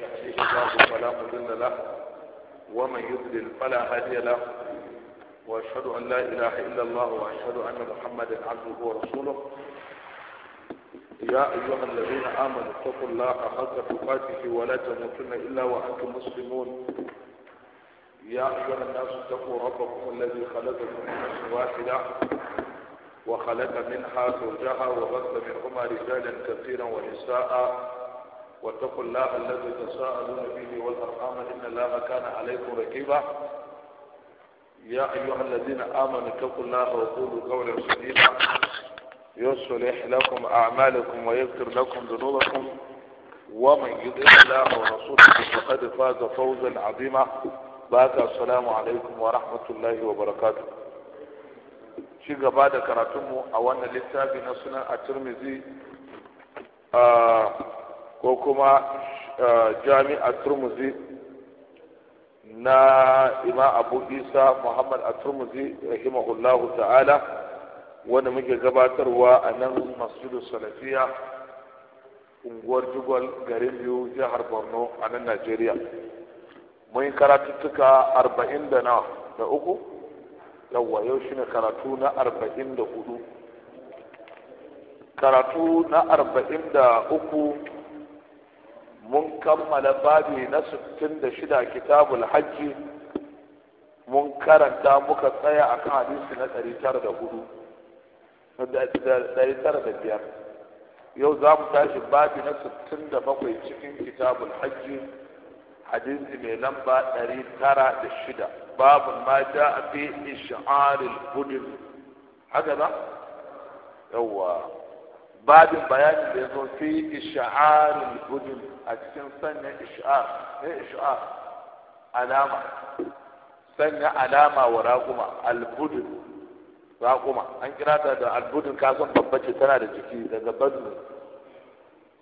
يهديه الله فلا مضل له ومن يضلل فلا هادي له واشهد ان لا اله الا الله واشهد ان محمدا عبده ورسوله يا ايها الذين امنوا اتقوا الله حق تقاته ولا تموتن الا وانتم مسلمون يا ايها الناس اتقوا ربكم الذي خلقكم من نفس واحده وخلق منها زوجها وبث منهما رجالا كثيرا ونساء واتقوا الله الذي تساءلون به والأرحام إن الله كان عليكم رقيبا يا أيها الذين آمنوا اتقوا الله وقولوا قولا سديدا يصلح لكم أعمالكم ويغفر لكم ذنوبكم ومن يطع الله ورسوله فقد فاز فوزا عظيما بعد السلام عليكم ورحمة الله وبركاته شيء بعد كراتمه أولا للتابع نصنا الترمذي آه ko kuma eh, jami'a turmuzi na ima abu isa muhammad a turmuzi rahimahullahu ta'ala wanda muke gabatarwa a nan masjidu salafiya unguwar jugwal garin biyu jihar borno a nan najeriya mun yi karatuttuka arba'in da na da uku yawwa yau shi ne karatu na arba'in da hudu karatu na arba'in da uku mun kammala babi na 66 kitabul hajji mun karanta muka tsaya a kan hadisi na 904 yau za mu tashi babi na 67 cikin kitabul hajji hadisi mai lamba 906 babu ma ja a fi isha'aril budin haka na yawwa babin bayanin da ya zo fi isha'arul budin a cikin sanya isha'ar ne isha'ar alama sanya alama wa raguma albudin raguma an kira ta da albudul kasan babbace tana da ciki daga badu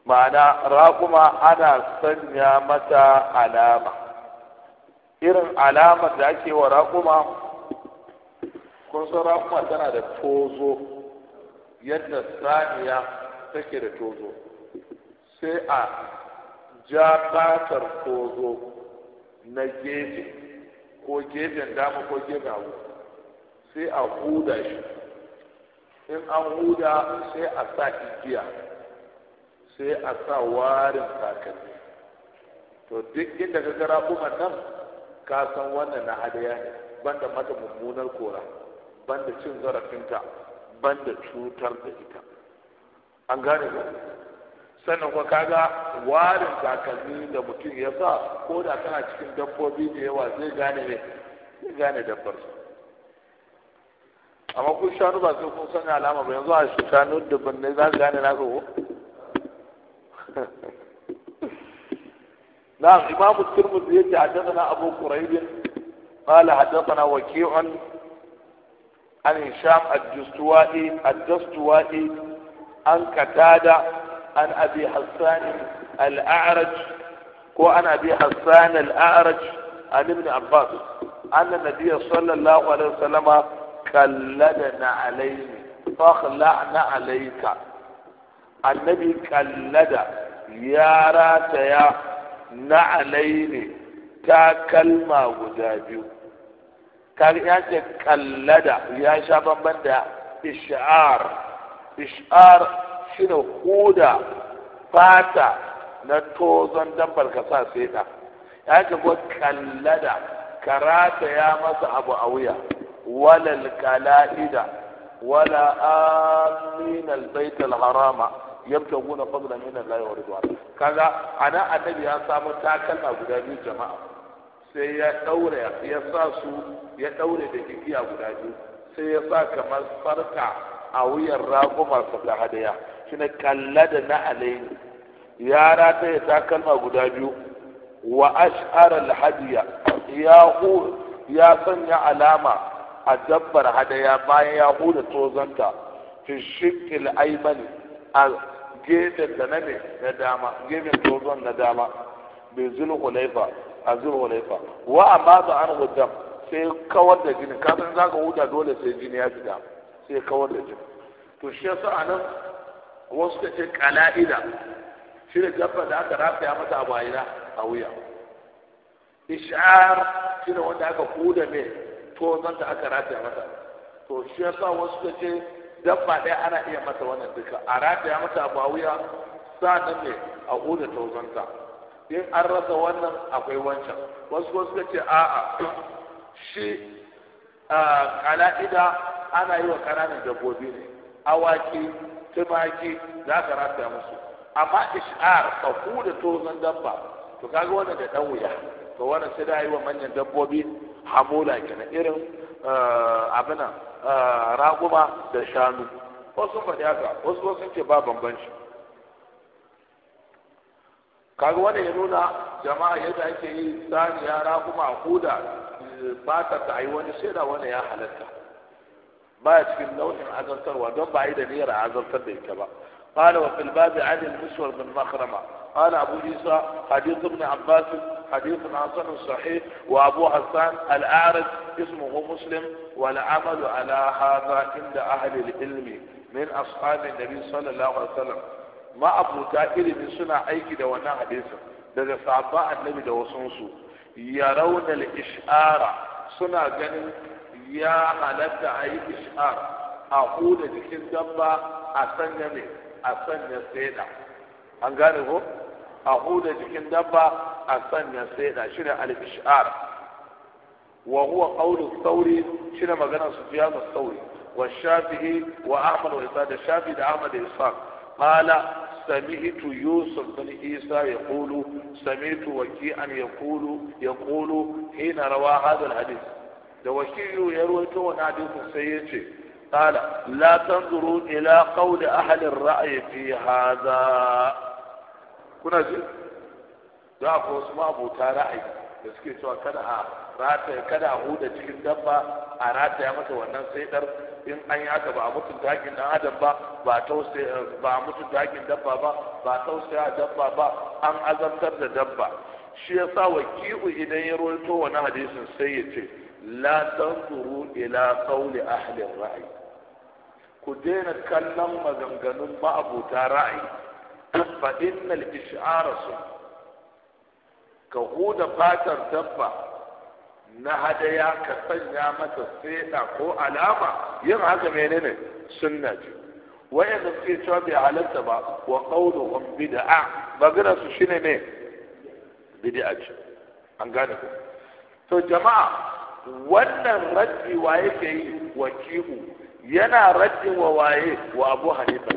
ma'ana raguma ana sanya mata alama irin alama da ake wa raguma kun san raguma tana da tozo yadda saniya take da tozo sai a ja fatar tozo na gefe ko gefen dama ko gefen hagu sai a huda shi in an huda sai a sa igiya sai a sa warin takalmi to duk inda ka gara kuma nan ka san wannan na hadaya ne banda mata mummunar kora banda cin zarafinta banda cutar da ita an gane ba sannan kuma kaga warin takalmi da mutum ya sa ko da kana cikin dabbobi da yawa zai gane ne zai gane dabbar su amma kun shanu ba sai kun sanya alama ba yanzu a shanu dubban ne za su gane na ko نعم إمام الترمذي يجي حدثنا أبو قريب قال حدثنا وكيع عن هشام الدستوائي الدستوائي عن كتادة عن أبي حسان الأعرج وعن أبي حسان الأعرج عن ابن عباس أن النبي صلى الله عليه وسلم كلدنا عليه فاخلعنا عليك النبي كلد يا راتيا نعليني ta kalma guda kaga ya ce kallada ya sha bamban da ish'ar ish'ar shine huda fata na tozon dabbar ka sa sai da ya ce ko kallada karata ya masa abu a wuya walal kala'ida wala amin albayt alharama yabtaguna fadlan min Allah wa ridwan kaga ana annabi ya samu takalma guda biyu jama'a sai ya daura ya sa su ya ɗaure da a guda biyu sai ya sa kamar sarka a wuyan raƙumarsa ta hadaya shi ne kalla da na alayhi ya rata ya takalma guda biyu wa ashara alhadiya hadiya ya ya sanya alama a dabbar hadaya bayan ya huda tozanta fi shikil aimani a gefen da na ne dama gefen tozon na dama bi zulhulaifa a zulhulaifa wa amma ba an hudam sai kawar da jini kafin za ka huta dole sai jini ya fita sai kawar da jini to shi yasa a nan wasu ka ce kala'ida shi ne dabba da aka ya mata a a wuya ishar shi ne wanda aka kuda mai to zan da aka rafaya mata to shi yasa wasu ka ce dabba ɗaya ana iya mata wannan duka a ya mata abu a wuya nan ne a huda tausanta in an rasa wannan akwai wancan wasu wasu ka ce a'a shi kala'ida ana yi wa ƙananan dabbobi ne awaki tumaki za ka rataya musu amma ish'ar tsaku da tozon dabba to kaga wannan da dan wuya to wani sai da yi wa manyan dabbobi hamula kenan irin abin raguma da shanu wasu faɗi haka wasu wasu ce ba bambanci kaga wannan ya nuna jama'a yadda ake yi saniya raguma huda fatar ta a wani shaida wani ya halatta ba ya cikin nau'in azartarwa don ba yi da niyyar azartar da ita ba قال وفي الباب عن المسور بن مخرمة قال أبو عيسى حديث ابن عباس حديث حسن صحيح وأبو حسان الأعرج اسمه مسلم والعمل على هذا عند أهل العلم من أصحاب النبي صلى الله عليه وسلم ما أبو تاكل من سنة أيكي دوانا حديثا daga صعباء النبي da yarawna al-ish'ara suna ganin ya halatta a yi ish'ar a huda jikin dabba a sanya ne a sanya seda an gane ko a huda jikin dabba a sanya seda shine al-ish'ar wa Audu qawlu thawri shine magana sufyan al-thawri wa shafi'i wa ahmad wa da shafi da ahmad da ishaq قال سمعت يوسف بن عيسى يقول سمعت وكيعا يقول يقول حين روى هذا الحديث ده وكيع يروي تو حديث سيئتي قال لا تنظروا إلى قول أهل الرأي في هذا كنا زين za ku wasu ma'abota ra'ayi da suke cewa kada a rataya kada a huda cikin dabba a rataya mata wannan saidar in an yi haka ba a mutunta haƙƙin dan adam ba ba a tausaya ba a mutunta dabba ba ba tausaya dabba ba an azabtar da dabba shi ya sa waki'u idan ya rawaito wani hadisin sai ya ce la tanzuru ila qawli ahli ra'i ku daina kallon maganganun ma'abuta ra'ayi fa innal ish'ara ka huda fatar dabba na hadaya ka sanya masa seta ko alama yin haka menene sunna ce da suke cewa bai halatta ba wa qawluhum bid'a magana su shine ne bid'a ce an gane ku to jama'a wannan raddi wa yake yi wa kihu yana raddin wa waye wa Abu Hanifa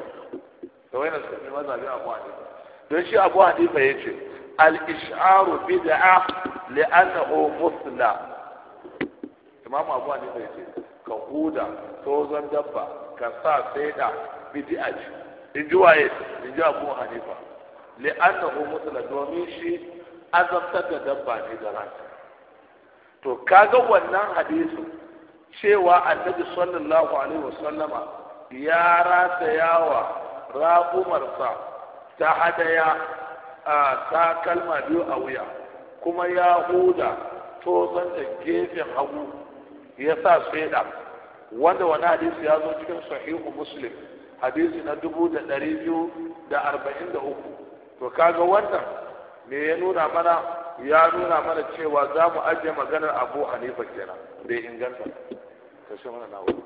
to wayanda ma mazhabin Abu Hanifa don shi Abu Hanifa yace al-ish'aru bid'a li'annahu musla imam abu hanifa ya ce ka huda tozon dabba ka sa saida a ce in ji waye in ji abu hanifa homo mutala domin shi azabtar da dabba ne da rata to kaga wannan hadisu cewa annabi sallallahu alaihi wasallama ya rasa yawa raƙumarsa ta hadaya a ta kalma biyu a wuya kuma ya huda tozon da gefen hagu ya sa shaida wanda wani hadisi ya zo cikin sahihu muslim hadisi na dubu da ɗari biyu da arba'in da uku to kaga wannan me ya nuna mana ya nuna mana cewa za mu ajiye maganar abu hanifa kenan bai inganta ta shi mana na wani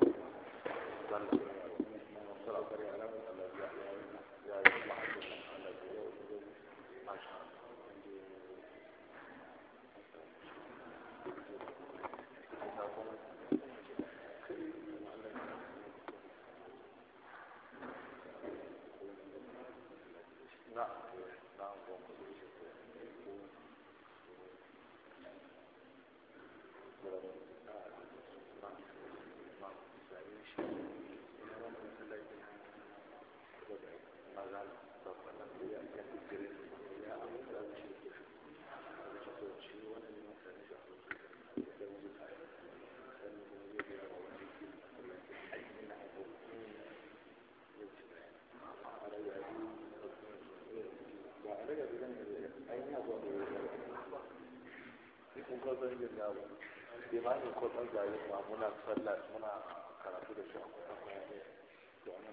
jayi ma muna sallah muna karatu da shi ne to ana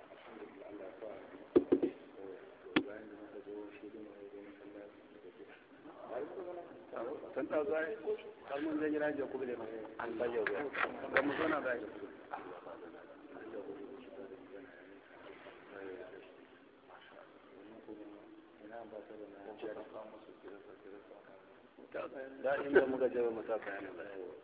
alhamdulillah Allah ya fara da eh, to bayan da muka zo shi da mai da da zai kalmun zai an mu eh, da inda muka bayanin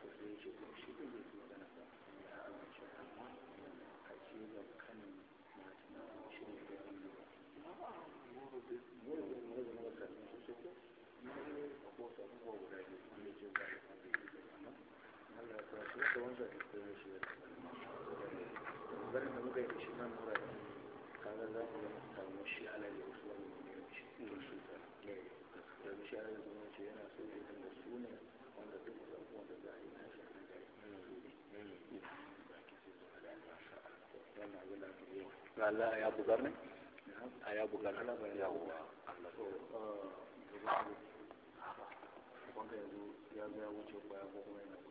ganin da muka yi shi nan kaga za mu shi wasu wani shi da shi kuma yana so ya zama su ne wanda duk da za a yi na shi alaji ya bugar ne? A ya bugar ba ya ya ya wuce ko kuma yana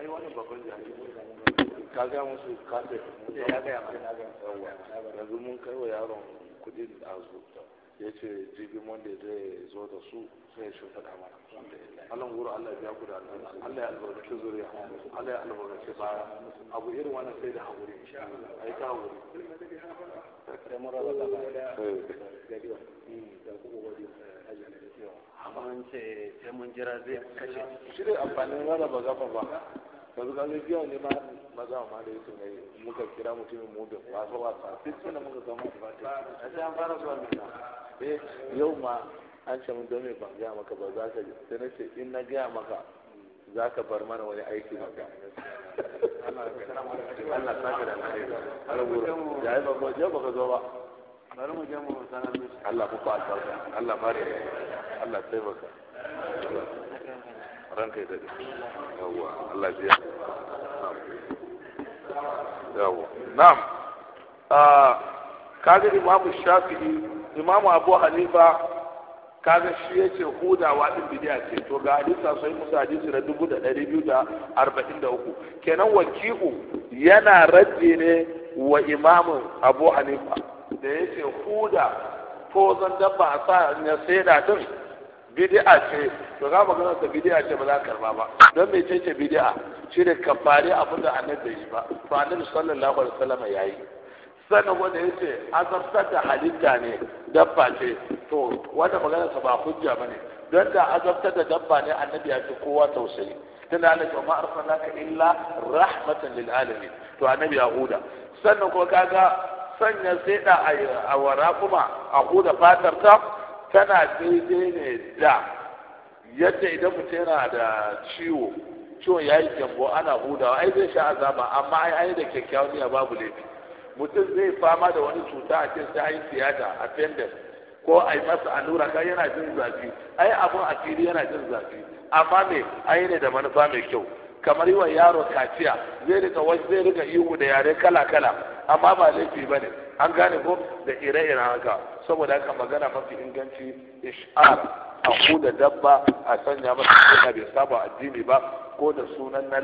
ai wannan babban jami'i ka ga musu ka ce eh, ya ga ya mana ga yanzu mun kai wa yaron kudin a zuwa ya ce jibi monday zai zo da su sai shi faɗa mana Allah guru Allah ya ku da Allah ya albarkace zuriya Allah ya albarkace baya abu irin wannan sai da hakuri ai ta hakuri eh. hmm, da muraba da baya da biyo da kuma wadi ajiyar da biyo amma an ce sai mun jira zai kashe shi dai amfanin rarraba gaba ba kazu ga zai biya ne ma maza ma da yake ne muka kira mutumin mudin wasa wasa duk suna muka zama a sai an fara zuwa mina eh yau ma an ce mun don ba ban gaya maka ba za ka sai na ce in na gaya maka za ka bar mana wani aiki ba ga Allah ta ga da alheri alabu ya yi ba ya ba ka zo ba bari mu je mu sanar Allah ku fa Allah bari Allah baka ranka ya daɗe yawwa Allah biya yawwa na'am ah, kaga imamu shafi'i imamu abu hanifa kaga shi yace hudawa din bidiya ce to ga hadisa sai musa hadisi na dubu da ɗari biyu da arba'in da uku kenan waki'u yana raddi ne wa imamu abu hanifa da ce huda ko zan dabba a sa ya saida din bid'a ce to ga gano ta bid'a ce ba za ka karba ba don me ce ce bid'a shi ka fari abu da annabi bai yi ba to annabi sallallahu alaihi wasallam yayi sannan wanda yace azabtar da halitta ne dabba ce to wanda magana sa ba hujja bane don da azabtar da dabba ne annabi ya ce kowa tausayi tun da cewa ma arsalaka illa rahmatan lil alamin to annabi ya huda sannan ko kaga sanya sai da a wara kuma a huda fatar ta tana daidai ne da yadda idan mutum yana da ciwo ciwon ya yi gyambo ana hudawa ai zai sha azaba amma ai ai da kyakkyawan niyya babu laifi mutum zai fama da wani cuta a cikin sai ai tiyata a fendel ko a yi masa allura kai yana jin zafi ai abun a fili yana jin zafi amma me ai ne da manufa mai kyau kamar yi wa yaro kaciya zai rika wasu zai rika ihu da yare kala kala amma ba laifi ba ne an gane ko da ire-iren haka saboda haka magana mafi inganci ish'ar a da dabba a sanya masa suna bai saba addini ba ko da sunan na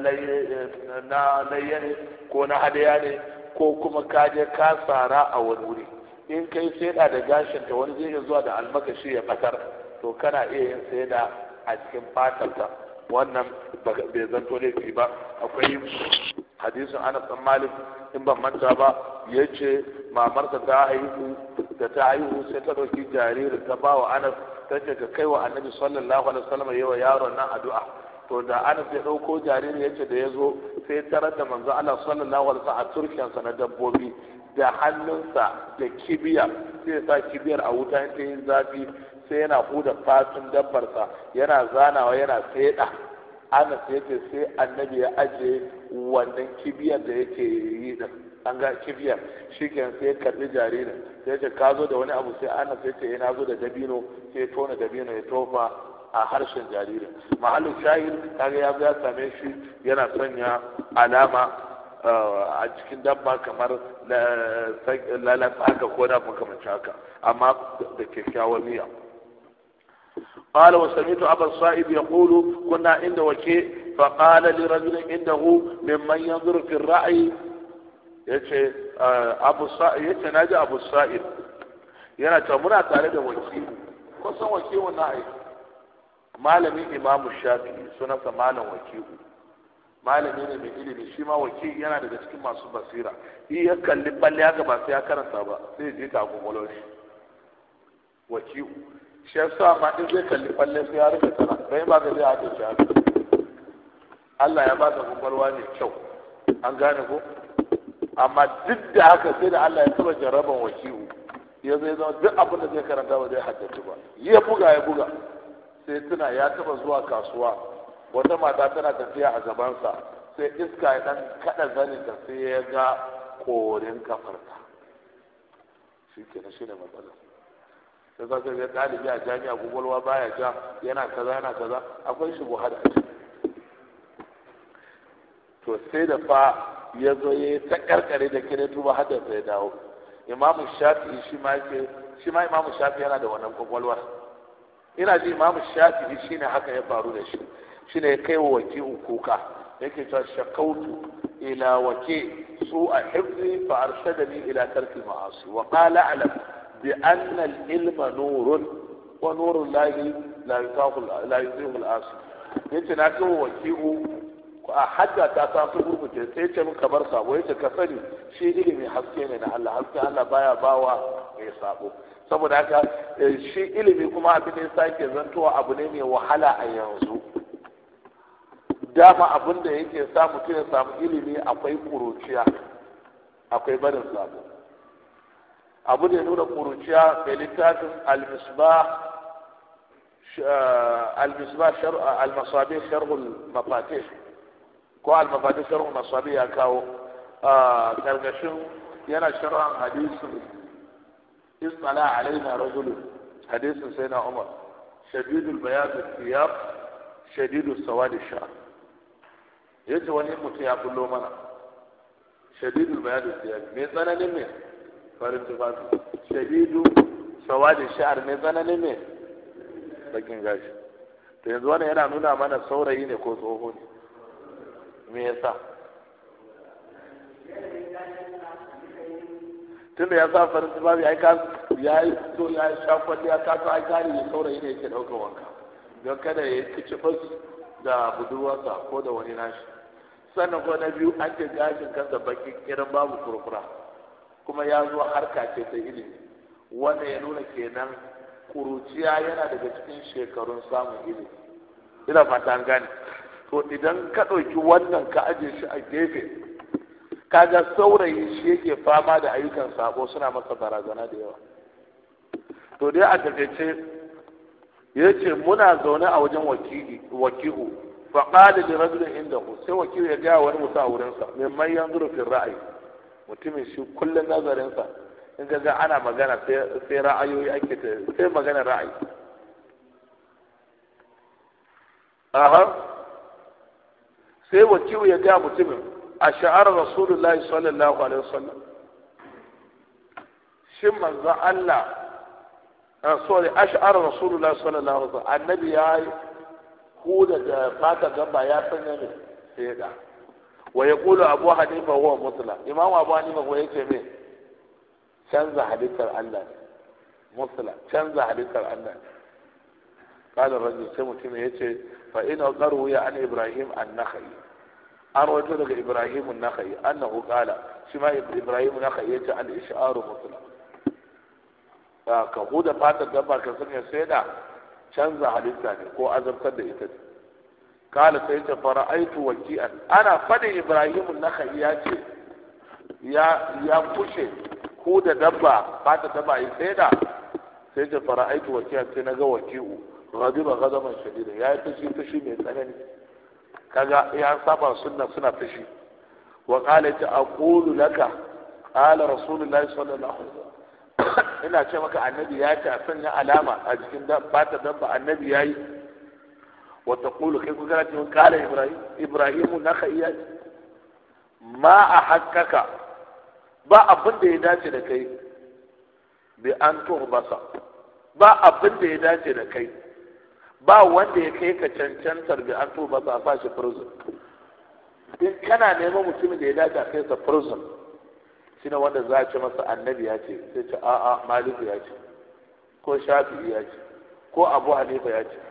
layya ne ko na hadaya ne ko kuma kaje ka tsara a wani wuri in kai saida da gashin ta wani zai zuwa da almakashi ya fatar to kana iya yin saida a cikin fatarta wannan bai zanto laifi ba akwai hadisin anas dan malik in ban manta ba ya ce mamarsa ta haihu da ta haihu sai ta ɗauki jaririn ta bawa anas ta ce ka kai wa annabi sallallahu alaihi wasallam yawa yaron nan addu'a to da anas ya ɗauko jaririn yace da yazo sai tarar da manzo Allah sallallahu alaihi wasallam a turkiyansa na dabbobi da hannunsa da kibiya sai sa kibiyar a wuta ta yi zafi sai yana huda fatun dabbarsa yana zanawa yana saida anas yake sai annabi ya ajiye wannan kibiyar da yake yi da an ga kibiyar shikenan sai karbi jaririn sai ce ka zo da wani abu sai ana sai ce yana eh, zo da dabino sai tona dabino ya tofa a harshen jaririn mahallin shahid kaga ya ya same shi yana sanya alama eh, a cikin dabba kamar eh, lalata haka ko da makamancin haka amma da kyakkyawar miya. قال وسمعت أبا الصائب يقول كنا عند وكيع فقال لرجل إنه ممن ينظر في الرأي yace abu sa'id yace naji abu sa'id yana ta muna tare da wakili kusan wakilu na ai malamin imam shafi sunansa malam wakilu malami ne mai ilimi shi ma wakili yana daga cikin masu basira in ya kalli balle haka ba sai ya karanta ba sai je ta gumulon shi wakilu shi yasa ma in zai kalli kwalle sai ya rufe tana bai ba ga zai haɗe shi haka Allah ya ba da kwakwalwa ne kyau an gane ko amma duk da haka sai da Allah ya taba jaraban wasi'u ya zai zama duk abin da zai karanta ba zai haddace ba ya buga ya buga sai tuna ya taba zuwa kasuwa wata mata tana tafiya a gabansa sai iska ya dan kada zanin da sai ya ga korin kafarta shi kenan shi ne matsalar ta sa ga ɗalibi a jami'a kwakwalwa baya ja yana kaza yana kaza akwai shi buhari to sai da fa ya zo ya yi ta karkare da kire tuba har da sai dawo imamu shafi'i shi ma yake shi ma imamu shafi'i yana da wannan kwakwalwar ina ji imamu shafi'i ne haka ya faru da shi shine ya kai wa waki'u kuka yake ta shakautu ila waki su a hifzi fa arshadani ila tarki ma'asi wa qala alam bi anna al-ilma nurun wa nurul lahi la la yace na kawo waki'u a hajja ta ta su gurguje sai ce min kamar sabo yace ka sani shi ilimi haske ne na Allah haske Allah baya bawa mai sabo saboda haka eh, shi ilimi kuma abin da ya sake zantowa abu ne mai wahala a yanzu dama abin da yake sa mutum ya samu ilimi akwai kuruciya akwai barin sabo abu da ya nuna ƙuruciya mai littafin al-misbah al-misbah al-masabih sharhul mafatih ko al-mafatih sharhul masabih ya kawo karkashin yana sharhan hadisin istala alaina rajul hadisin sai na umar shadidul bayad thiyab shadidul sawad ash-sha'r yace wani mutum ya bullo mana shadidul bayad thiyab me tsananin ne farin tufafi shadidu sawadi sha'ar mai tsanani ne bakin gashi to yanzu wannan yana nuna mana saurayi ne ko tsoho ne me yasa tun da ya sa farin tufafi ai ka ya yi so ya yi shakwalli ya taso ai kare ne saurayi ne yake ɗaukar wanka don kada ya yi kicifas da budurwarsa ko da wani nashi sannan ko na biyu an ce gashin kansa bakin kiran babu kurkura kuma ya zo harka ce ta ilimi wanda ya nuna kenan kuruciya yana daga cikin shekarun samun ilimi ina fata an gane to idan ka ɗauki wannan ka ajiye shi a gefe kaga saurayi shi yake fama da ayyukan sako suna masa barazana da yawa to dai a takaice ya ce muna zaune a wajen wakihu faƙali da rajulun inda sai wakilu ya gaya wani mutum a wurinsa mai mai yanzu rufin ra'ayi mutumin shi kullum nazarinsa in ga ana magana sai ra'ayoyi ake ta sai magana ra'ayi aha sai wakil ya ga mutumin a sha'ar rasulullahi sallallahu alaihi wasallam shin manzo Allah sorry sha'ar rasulullahi sallallahu alaihi wasallam annabi ya huda da fata gaba ya sanya ne sai da wa yaqulu abu hanifa wa musula, imam abu hanifa ko yace me canza halittar Allah Musula canza halittar Allah قال الرجل سمتم يتي فإن daga عن إبراهيم النخعي أروت لك إبراهيم النخعي أنه قال شما إبراهيم النخعي يتي الإشعار Musula, ka huda fata dabba ka sanya sai da canza halitta ne ko azabtar da ita ce. kala sai ce fara'aitu waki'an ana fadin ibrahim na ya ce ya ya kushe ko da dabba ba ta dabba yi sai da sai ce fara'aitu waki'an sai naga waki'u ghadiba ghadaban shadida ya yi fushi fushi mai tsanani kaga ya saba sunna suna fushi wa kala ta aqulu laka qala rasulullahi sallallahu alaihi wasallam ina ce maka annabi ya ce a sanya alama a jikin ba ta dabba annabi ya yi. وتقول كيف قالت قال إبراهيم إبراهيم نخيات ما أحقك با أبن دي داتي لكي بأن تغبص با أبن دي داتي لكي با وان دي كي كتن كتنتنتر بأن تغبص أفاش فرزن إن كان نيمو مسلم دي داتي أخيص برزن shine wanda za a ce masa annabi ya ce sai ce a'a maliku ya ce ko shafi'i ya ce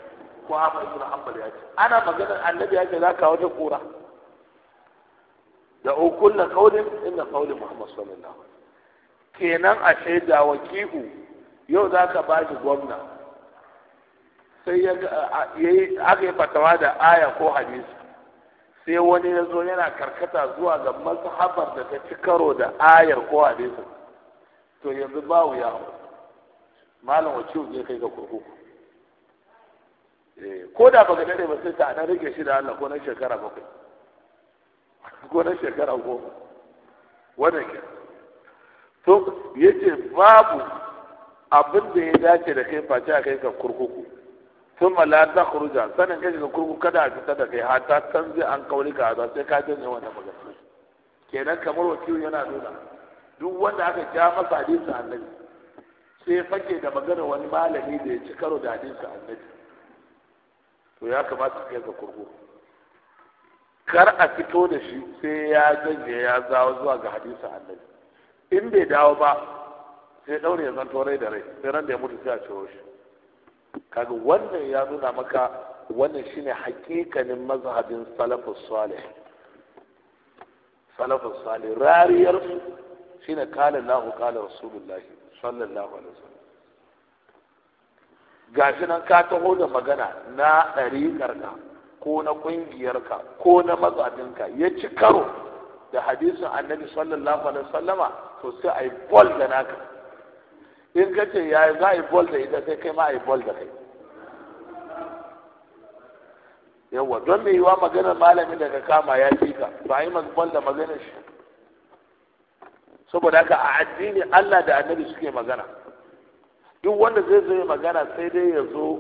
ko Ahmad ibn Hanbal ya ce ana maganar annabi ya ce za ka wata kura da na qaulin inda qauli Muhammad sallallahu alaihi wasallam kenan a shaida waki'u yau za ka ba shi gwamna sai ya aka yi fatawa da aya ko hadisi sai wani ya zo yana karkata zuwa ga mazhabar da ta ci karo da ayar ko hadisi to yanzu ba wuya malam waki'u zai kai ga kurkuku Eh, ko da baka dare ba sai ta na rike shi da Allah ko na shekara bakwai ko na shekara goma wannan ke to yace babu abin da ya dace da kai face a kai ka kurkuku thumma la kuruja sanin kai ka kurkuku kada a fita da kai san zai an ka za sai ka janye wannan magana kenan kamar wakil yana nuna duk wanda aka ja masa hadisi annabi sai fake da magana wani malami da ya ci karo da hadisi annabi to ya kamata a ga kurkuku kar a fito da shi sai ya janye ya zawo zuwa ga hadisin annabi in bai dawo ba sai daure ya zanto rai da rai sai ran da ya mutu sai a ciro shi kaga wannan ya nuna maka wannan shine hakikanin mazhabin salafus salih salafus salih rariyar shine kana Allahu qala rasulullahi sallallahu alaihi wasallam gashi nan ka taho da magana na ka ko na ƙungiyar ka, ko na ka, ya ci karo da hadisin annabi sallallahu alaihi wasallama to sai a yi bol da naka in ka ce ya za a yi bol da ita sai kai ma a yi bol da kai yawwa don mai yiwa maganar malamin da ka kama ya fi ka ba yi bol da maganar shi saboda haka a addini Allah da annabi suke magana duk wanda zai zo ya magana sai dai ya zo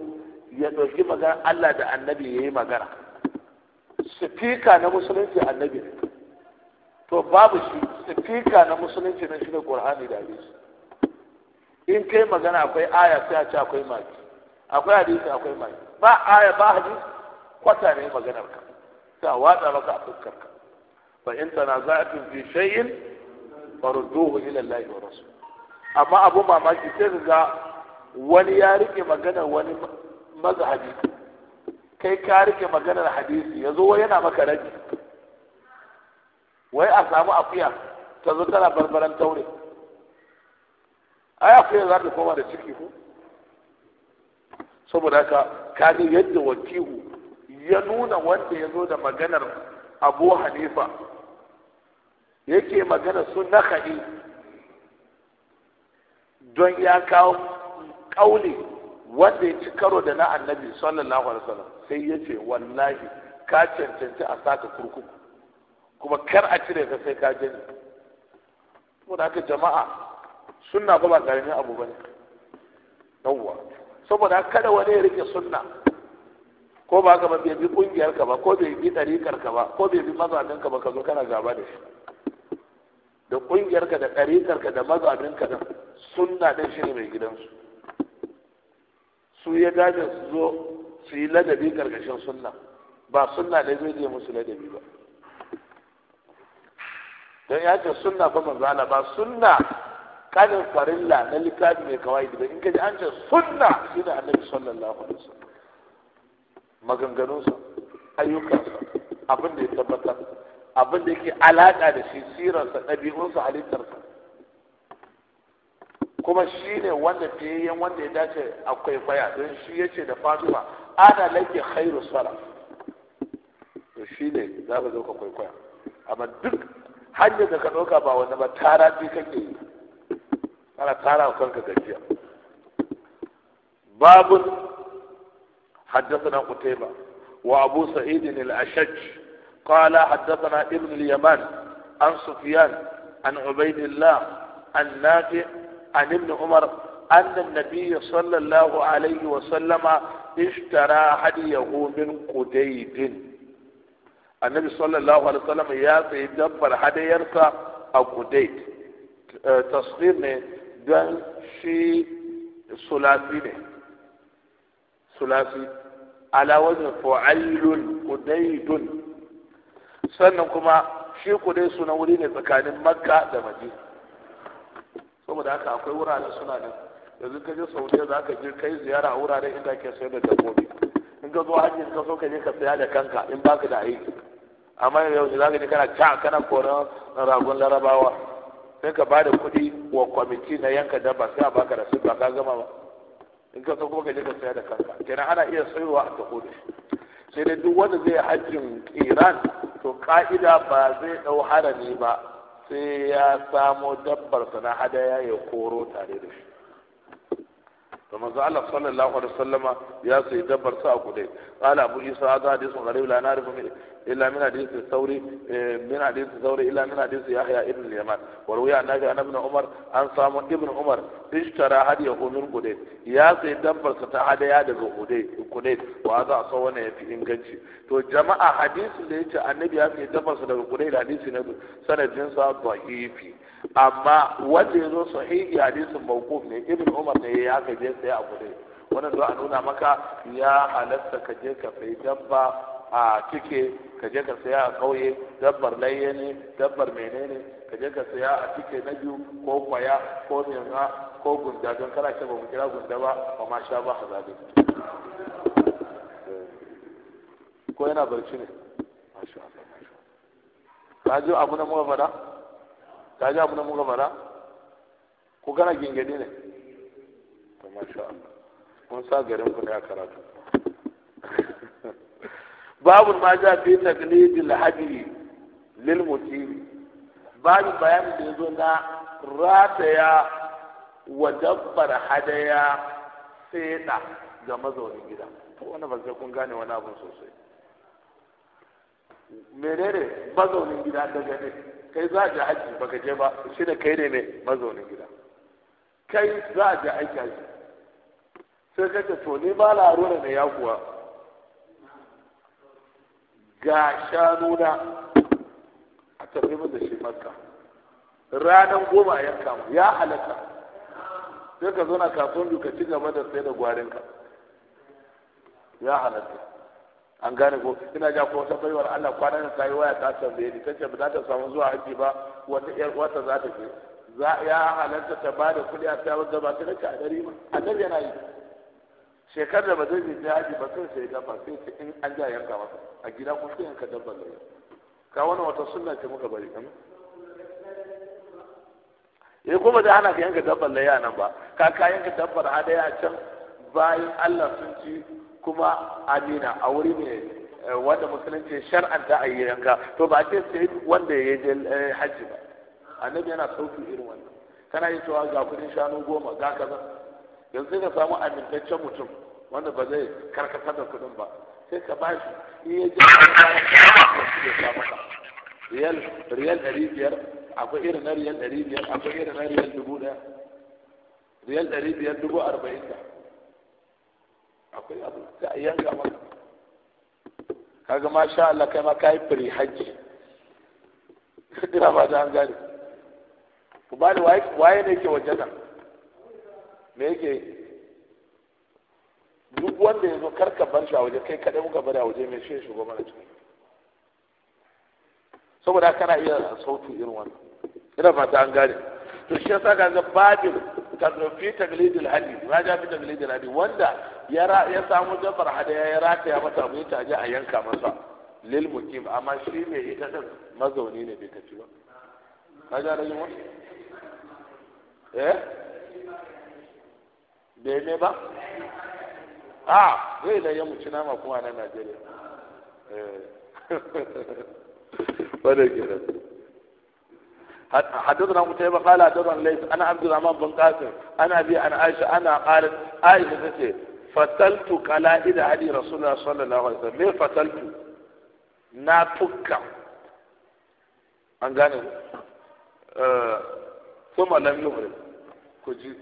ya ɗauki magana Allah da annabi ya yi magana sifika na musulunci annabi ne to babu shi sifika na musulunci na shi ne ƙur'ani da hadisi in kai magana akwai aya sai a ce akwai maki akwai hadisi akwai maki ba aya ba hadisi kwata ne maganar ka sai a watsa maka a fuskar ka fa in tanaza'tum fi shay'in farudduhu ila Allah wa rasul amma abu mamaki sai ga wani ya rike maganar wani mazhabi kai ka rike maganar hadisi yanzu wai yana maka rabi wai a samu akuya ta zo tana barbaran taure ai akuya za ta koma da ciki ko saboda haka kaga yadda wakihu ya nuna wanda ya zo da maganar abu hanifa yake magana sun na don ya kawo kauli wanda ya ci karo da na annabi sallallahu alaihi wasallam sai ya ce wallahi ka cancanci a saka kurkuku kuma kar a cire ka sai ka jini saboda haka jama'a sunna ba ba garin abu bane yawwa saboda kada wani ya rike sunna ko ba ka ba bai bi kungiyar ka ba ko bai bi ɗariƙar ka ba ko bai bi mazabin ka ba ka zo kana gaba da shi da kungiyar ka da ɗariƙar ka da mazabin ka da sunna din shi ne mai gidansu su ya dace su zo su yi ladabi karkashin sunna ba sunna ne zai je musu ladabi ba don ya ce sunna ba manzala ba sunna kanin farilla na littafi mai kawai da in kaji an ce sunna shi da annabi sallallahu alaihi wasallam maganganunsa ayyukansa abin da ya tabbatar abin da yake alaƙa da shi tsiransa ɗabi'unsa halittarsa kuma shi ne wanda fiyayyen wanda ya dace a kwaikwaya don shi ya ce da fatima ana lake khairu sara, to shi ne za ka zo ka kwaikwaya amma duk hanyar da ka ɗauka ba wanda ba tara bi kake yi ana tara kanka gajiya babun حدثنا قتيبة وأبو سعيد الأشج قال حدثنا ابن اليمان عن سفيان عن عبيد الله عن نافع عن ابن عمر أن النبي صلى الله عليه وسلم اشترى هديه من قديد النبي صلى الله عليه وسلم يا يدبر هديرسا أو قديد تصغير دان شي ثلاثي ثلاثي على وزن فعيل قديد سنكما kuma shi kudai suna مكة ne saboda haka akwai wurare suna nan yanzu ka je saudiya za ka je kai ziyara a wuraren inda ke sayar da dabbobi in ka zo haji ka so ka je ka saya da kanka in ba ka da aiki amma yau za ka je kana ta kana koran ragon larabawa sai ka ba da kuɗi wa kwamiti na yanka dabba sai a ka da su ba ka gama ba in ka so ka je ka saya da kanka kenan ana iya sayarwa a taho sai dai duk wanda zai hajjin iran to ka'ida ba zai ɗau harami ba sai ya samo dabbarsa na hadaya ya koro tare da shi to manzo Allah sallallahu alaihi wasallama ya sai dabbar sa a kude qala abu isa da hadisi gharib la na'rifu min illa min hadisi sauri eh, min hadisi sauri illa min hadisi yahya ibn yaman wa ruya annabi an ibn umar an samu ibn umar ishtara hadiyahu min kude ya sai dabbar sa ta hadaya daga kude kude wa za so wannan yafi inganci to jama'a hadisi da yace annabi ya sai dabbar sa daga kude da hadisi na sanadin sa dha'ifi amma wanda ya zo sahihi hadisin mawquf ne ibn umar ne ya ka je sai abu ne wannan zo a nuna maka ya halatta ka je ka sai dabba a cike ka je ka saya a kauye dabbar laye ne dabbar menene ka je ka saya a cike na biyu ko kwaya ko mirna ko gunda don kana ce ba mu kira gunda ba ba ma sha ba zabe ko yana barci ne masha Allah masha Allah ka ji abu na muka faɗa ka abu na da muka fara ko kana gingadi ne to masha Allah mun sa garin ku ne a karatu babu ma ja fi taqlidil hadi lil mutim babu bayan da yazo na rataya wa dabbar hadaya seda ga mazaunin gida to wannan ba sai kun gane wani abu sosai menene mazaunin gida daga ne kai za a je haji baka je ba shi da kai ne mai mazaunin gida kai za a je aiki haji sai ka ce to ni ba laro ne ya kuwa ga shanu na a tafi mu da shi makka ranar goma yanka mu ya halaka sai ka zo na kafin duka ci gaba da sai da gwarinka ya halaka an gane ko ina ja ko wata baiwar Allah kwanan da tayi waya ta tambaye ni tace ba za ta samu zuwa haji ba wata yar wata za ta je za ya halarta ta bada kudi a tsawon gaba ta nake a dari ma a dare yana yi shekar da ba zai je haji ba sai sai ba sai sai in an ja yanka masa a gida ko sai yanka dabba ne ka wani wata sunna ce muka bari kan eh kuma da ana ka yanka dabbar laya nan ba ka ka yanka dabbar hadaya can bayan Allah sun ci kuma amina a wuri ne eh, wanda musulunci shar'an da a yi yanka to ba a ce sai wanda ya je eh, hajji ba annabi yana sauki irin wannan kana yi cewa ga kudin shanu goma ga kaza yanzu ka samu amintaccen mutum wanda ba zai karkatar da kudin ba sai ka ba shi in ya je ya maka riyal riyal ɗari biyar akwai irin na riyal ɗari biyar akwai irin na riyal dubu ɗaya riyal ɗari biyar dubu arba'in da akwai abu ga a gama kaga masha Allah kai ma kai firi hajji kira ba da an gane ku bani waye ne ke waje nan me yake duk wanda ya zo karka bar shi a waje kai kadai muka bari a waje mai shi shigo mana ciki saboda kana iya sautu irin wannan ina fata an gane to shi yasa ga babin fi taglidil hadi ja fi taglidil hadi wanda ya ya samu jabar hadaya ya rataya mata abu ta je a yanka masa lil mukim amma shi ne ita din mazauni ne bai tafi ba kaja da yin wasu eh bai ne ba a zai da ya cina nama kuma na najeriya eh wadda ke حدثنا قتيبة قال حدثنا ليس أنا عبد الرحمن بن قاسم أنا أبي أنا عائشة أنا قالت عائشة تتي فتلت قلائد علي رسول الله صلى الله عليه وسلم ليه فتلت na tukka an gane kuma lam yuhrim ku ji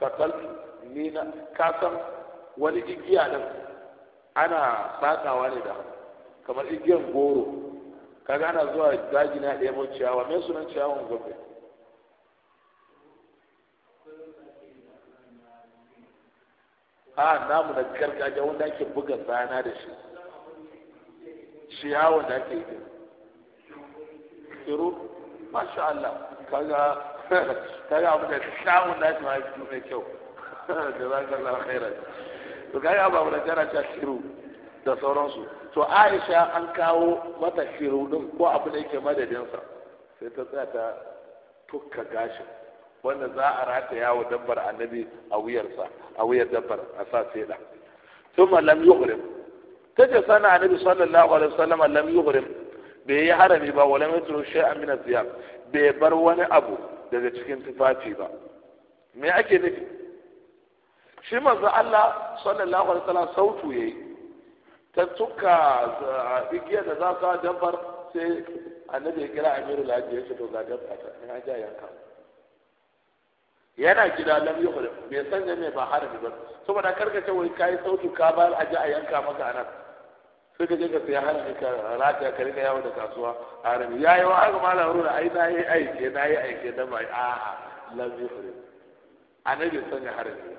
fataltu ni na kasan wani igiya nan ana sakawa ne da kamar igiyan goro Ka gana zuwa daji na ɗebo ciyawa me sunan ciyawan gobe a namu na gargajiya wanda ake buga tsana da shi ciyawa da ake yi shiru masha Allah kaga kaga abu da samun da shi mai kyau da za ka to kaga abu da jara ta shiru da sauransu to aisha an kawo mata shirudin ko abu da yake madadinsa sai ta tsaya ta tukka gashin wanda za a rataya wa dabbar annabi a wuyarsa a wuyar dabbar a sa seda thumma lam yughrim ce sana annabi sallallahu alaihi wasallam lam yughrim bai yi harami ba wala yatru shay'an min az-ziyab bai bar wani abu daga cikin tufafi ba me ake nufi shi manzo Allah sallallahu alaihi wasallam sautu yayi ta tuka eh, igiyar da za su a dabar, sai annabi ya kira amiru laji ya ce to ga dabba ta in an ja yanka yana gida lam yi hulun mai sanya mai ba harami ba da karkace wai kayi sautu ka bayar a ji a yanka maka a nan sai ka je ka sai ne ka rata ka rika yawon da kasuwa a harami ya yi wa haka ma lauru da ai na yi aike na yi aike na, ba a'a lam yi na annabi sanya ne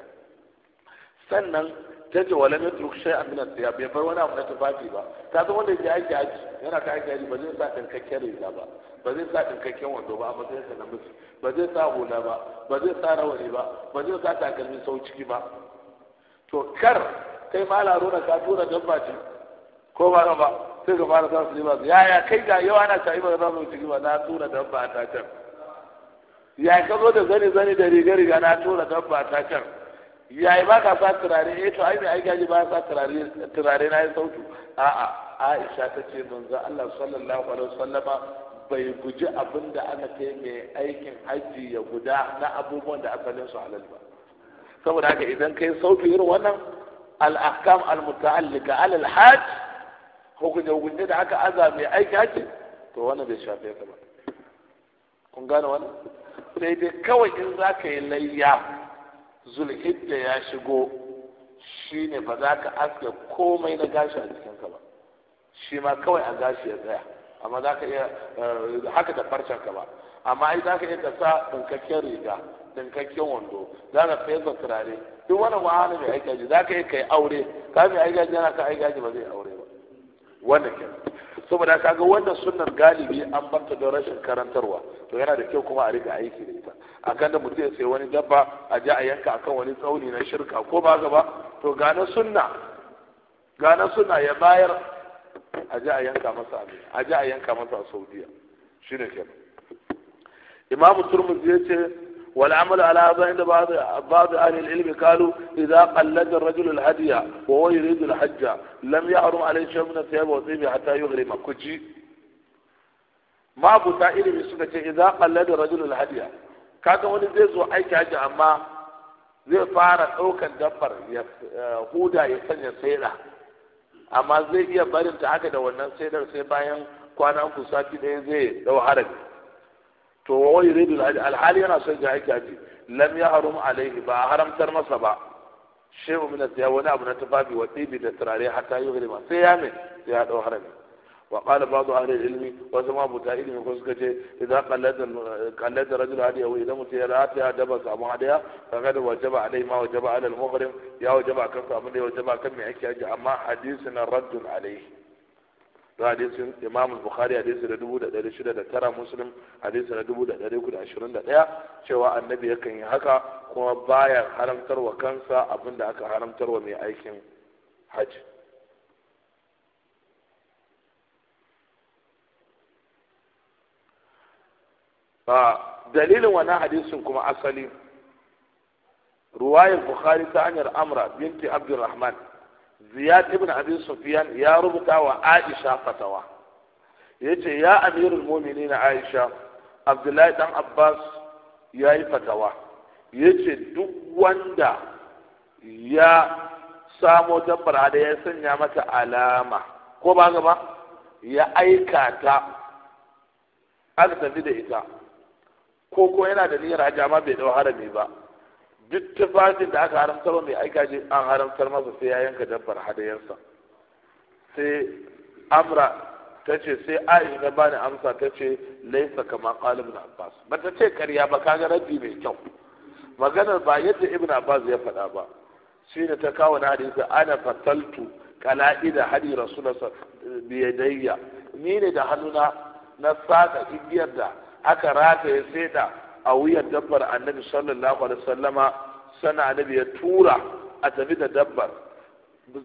sannan tace wala ne ya shay shai amina ya bai bar wani abu na tufafi ba ta san wanda yake aiki aji yana ta aiki aji ba zai sa ɗinkakken riga ba ba zai sa ɗinkakken wando ba ba zai sa namiji ba zai sa hula ba ba zai sa rawani ba ba zai sa takalmin sau ciki ba to kar kai ma larura ka tura dabba ce ko ba ba sai ka fara sa su ne ba yaya kai ga yawa na sa'i ba za ciki ba na tura dabba ta can ya ka zo da zani zani da riga riga na tura dabba ta can yayi ba ka sa turare eh to ai ai aiki ba sa turare turare na yi sautu a Aisha ta ce manzo Allah sallallahu alaihi wasallama bai guji abin da aka kai mai aikin haji ya guda na abubuwan da asalin su halal ba saboda haka idan kai sautu irin wannan al-ahkam al mutaalliqa ala al-hajj hukunce hukunce da aka aza mai aiki hajji to wannan bai shafe ka ba kun gane wannan sai dai kawai in za ka yi layya zulhidda ya shigo shine ba za ka aske komai na gashi a jikinka ba shi ma kawai a gashi ya tsaya amma za ka iya eh, haka da farcen ka ba amma ai za ka iya ka sa dinkakken riga dinkakken wando za ka fesa turare duk wani wahala mai aikaji za ka iya kai aure ka mai aikaji yana ka aikaji ba zai aure ba wannan kenan saboda ga wannan sunnar galibi an banta don rashin karantarwa to yana da kyau kuma a rika aiki da ita a kan da mutum ya sai wani dabba a ji a yanka akan wani tsauni na shirka ko ba gaba to gane sunna gane sunna ya bayar a ji a yanka masa a a yanka masa a saudiya ne kenan imamu turmuzi ya ce والعمل على هذا عند بعض بعض أهل العلم قالوا إذا قلد الرجل الهدي وهو يريد الحج لم يحرم عليه شيء من الثياب والطيب حتى يغرم كجي ما أبو تعالى بسنة إذا قلد الرجل الهدي kaga wani zai zo aiki haji amma zai fara ɗaukan dabbar ya huda ya sanya saida amma zai iya barinta haka da wannan saidar sai bayan kwana uku ɗaya zai ɗau harabi يريد الحالي انا سجعك ادي لم يحرم عليه با حرم ترما سبا شيء من الزيوان ابو نتفابي وطيب نتراري حتى يغرم سيامي هذا حرم وقال بعض اهل العلم وسمع ابو تايد من كوسكتي اذا قلد قلد رجل هذه او اذا متيرات يا دبا سامو عليها فقد وجب عليه ما وجب على المغرم يا وجب كفر امني وجب كم يا اما حديثنا رد عليه da hadisin imam bukhari hadisi da dubu da ɗari shida da tara muslim hadisi da dubu da ɗari uku da ashirin da ɗaya cewa annabi yakan yi haka kuma baya haramtarwa kansa abin da aka haramtarwa mai aikin hajji dalilin wannan hadisin kuma asali ruwayar bukhari ta hanyar amra binti abdulrahman ziyad ibn abi sufyan ya rubuta wa aisha fatawa yace ya amirul mu'minin aisha abdullahi dan abbas ya yi fatawa yace duk wanda ya samo dabbar da ya sanya mata alama ko ba gaba ya aika ta aka tafi da ita ko ko yana da niyyar hajji bai bai dau harami ba duk tufafin da aka haramtar mai aika ji an haramtar masa sai ya yanka dabbar hadayarsa sai amra ta ce sai aisha ta bani amsa ta ce laisa kama qala na abbas ba ta ce karya ba kaga rabbi mai kyau maganar ba yadda ibn abbas ya faɗa ba shi ne ta kawo na hadisa ana fataltu kala'ida hadi na biyadayya ni ne da hannuna na saka igiyar da aka rataye sai da a wuyar dabbar annabi sallallahu alaihi wasallama sana annabi ya tura a tafi da dabbar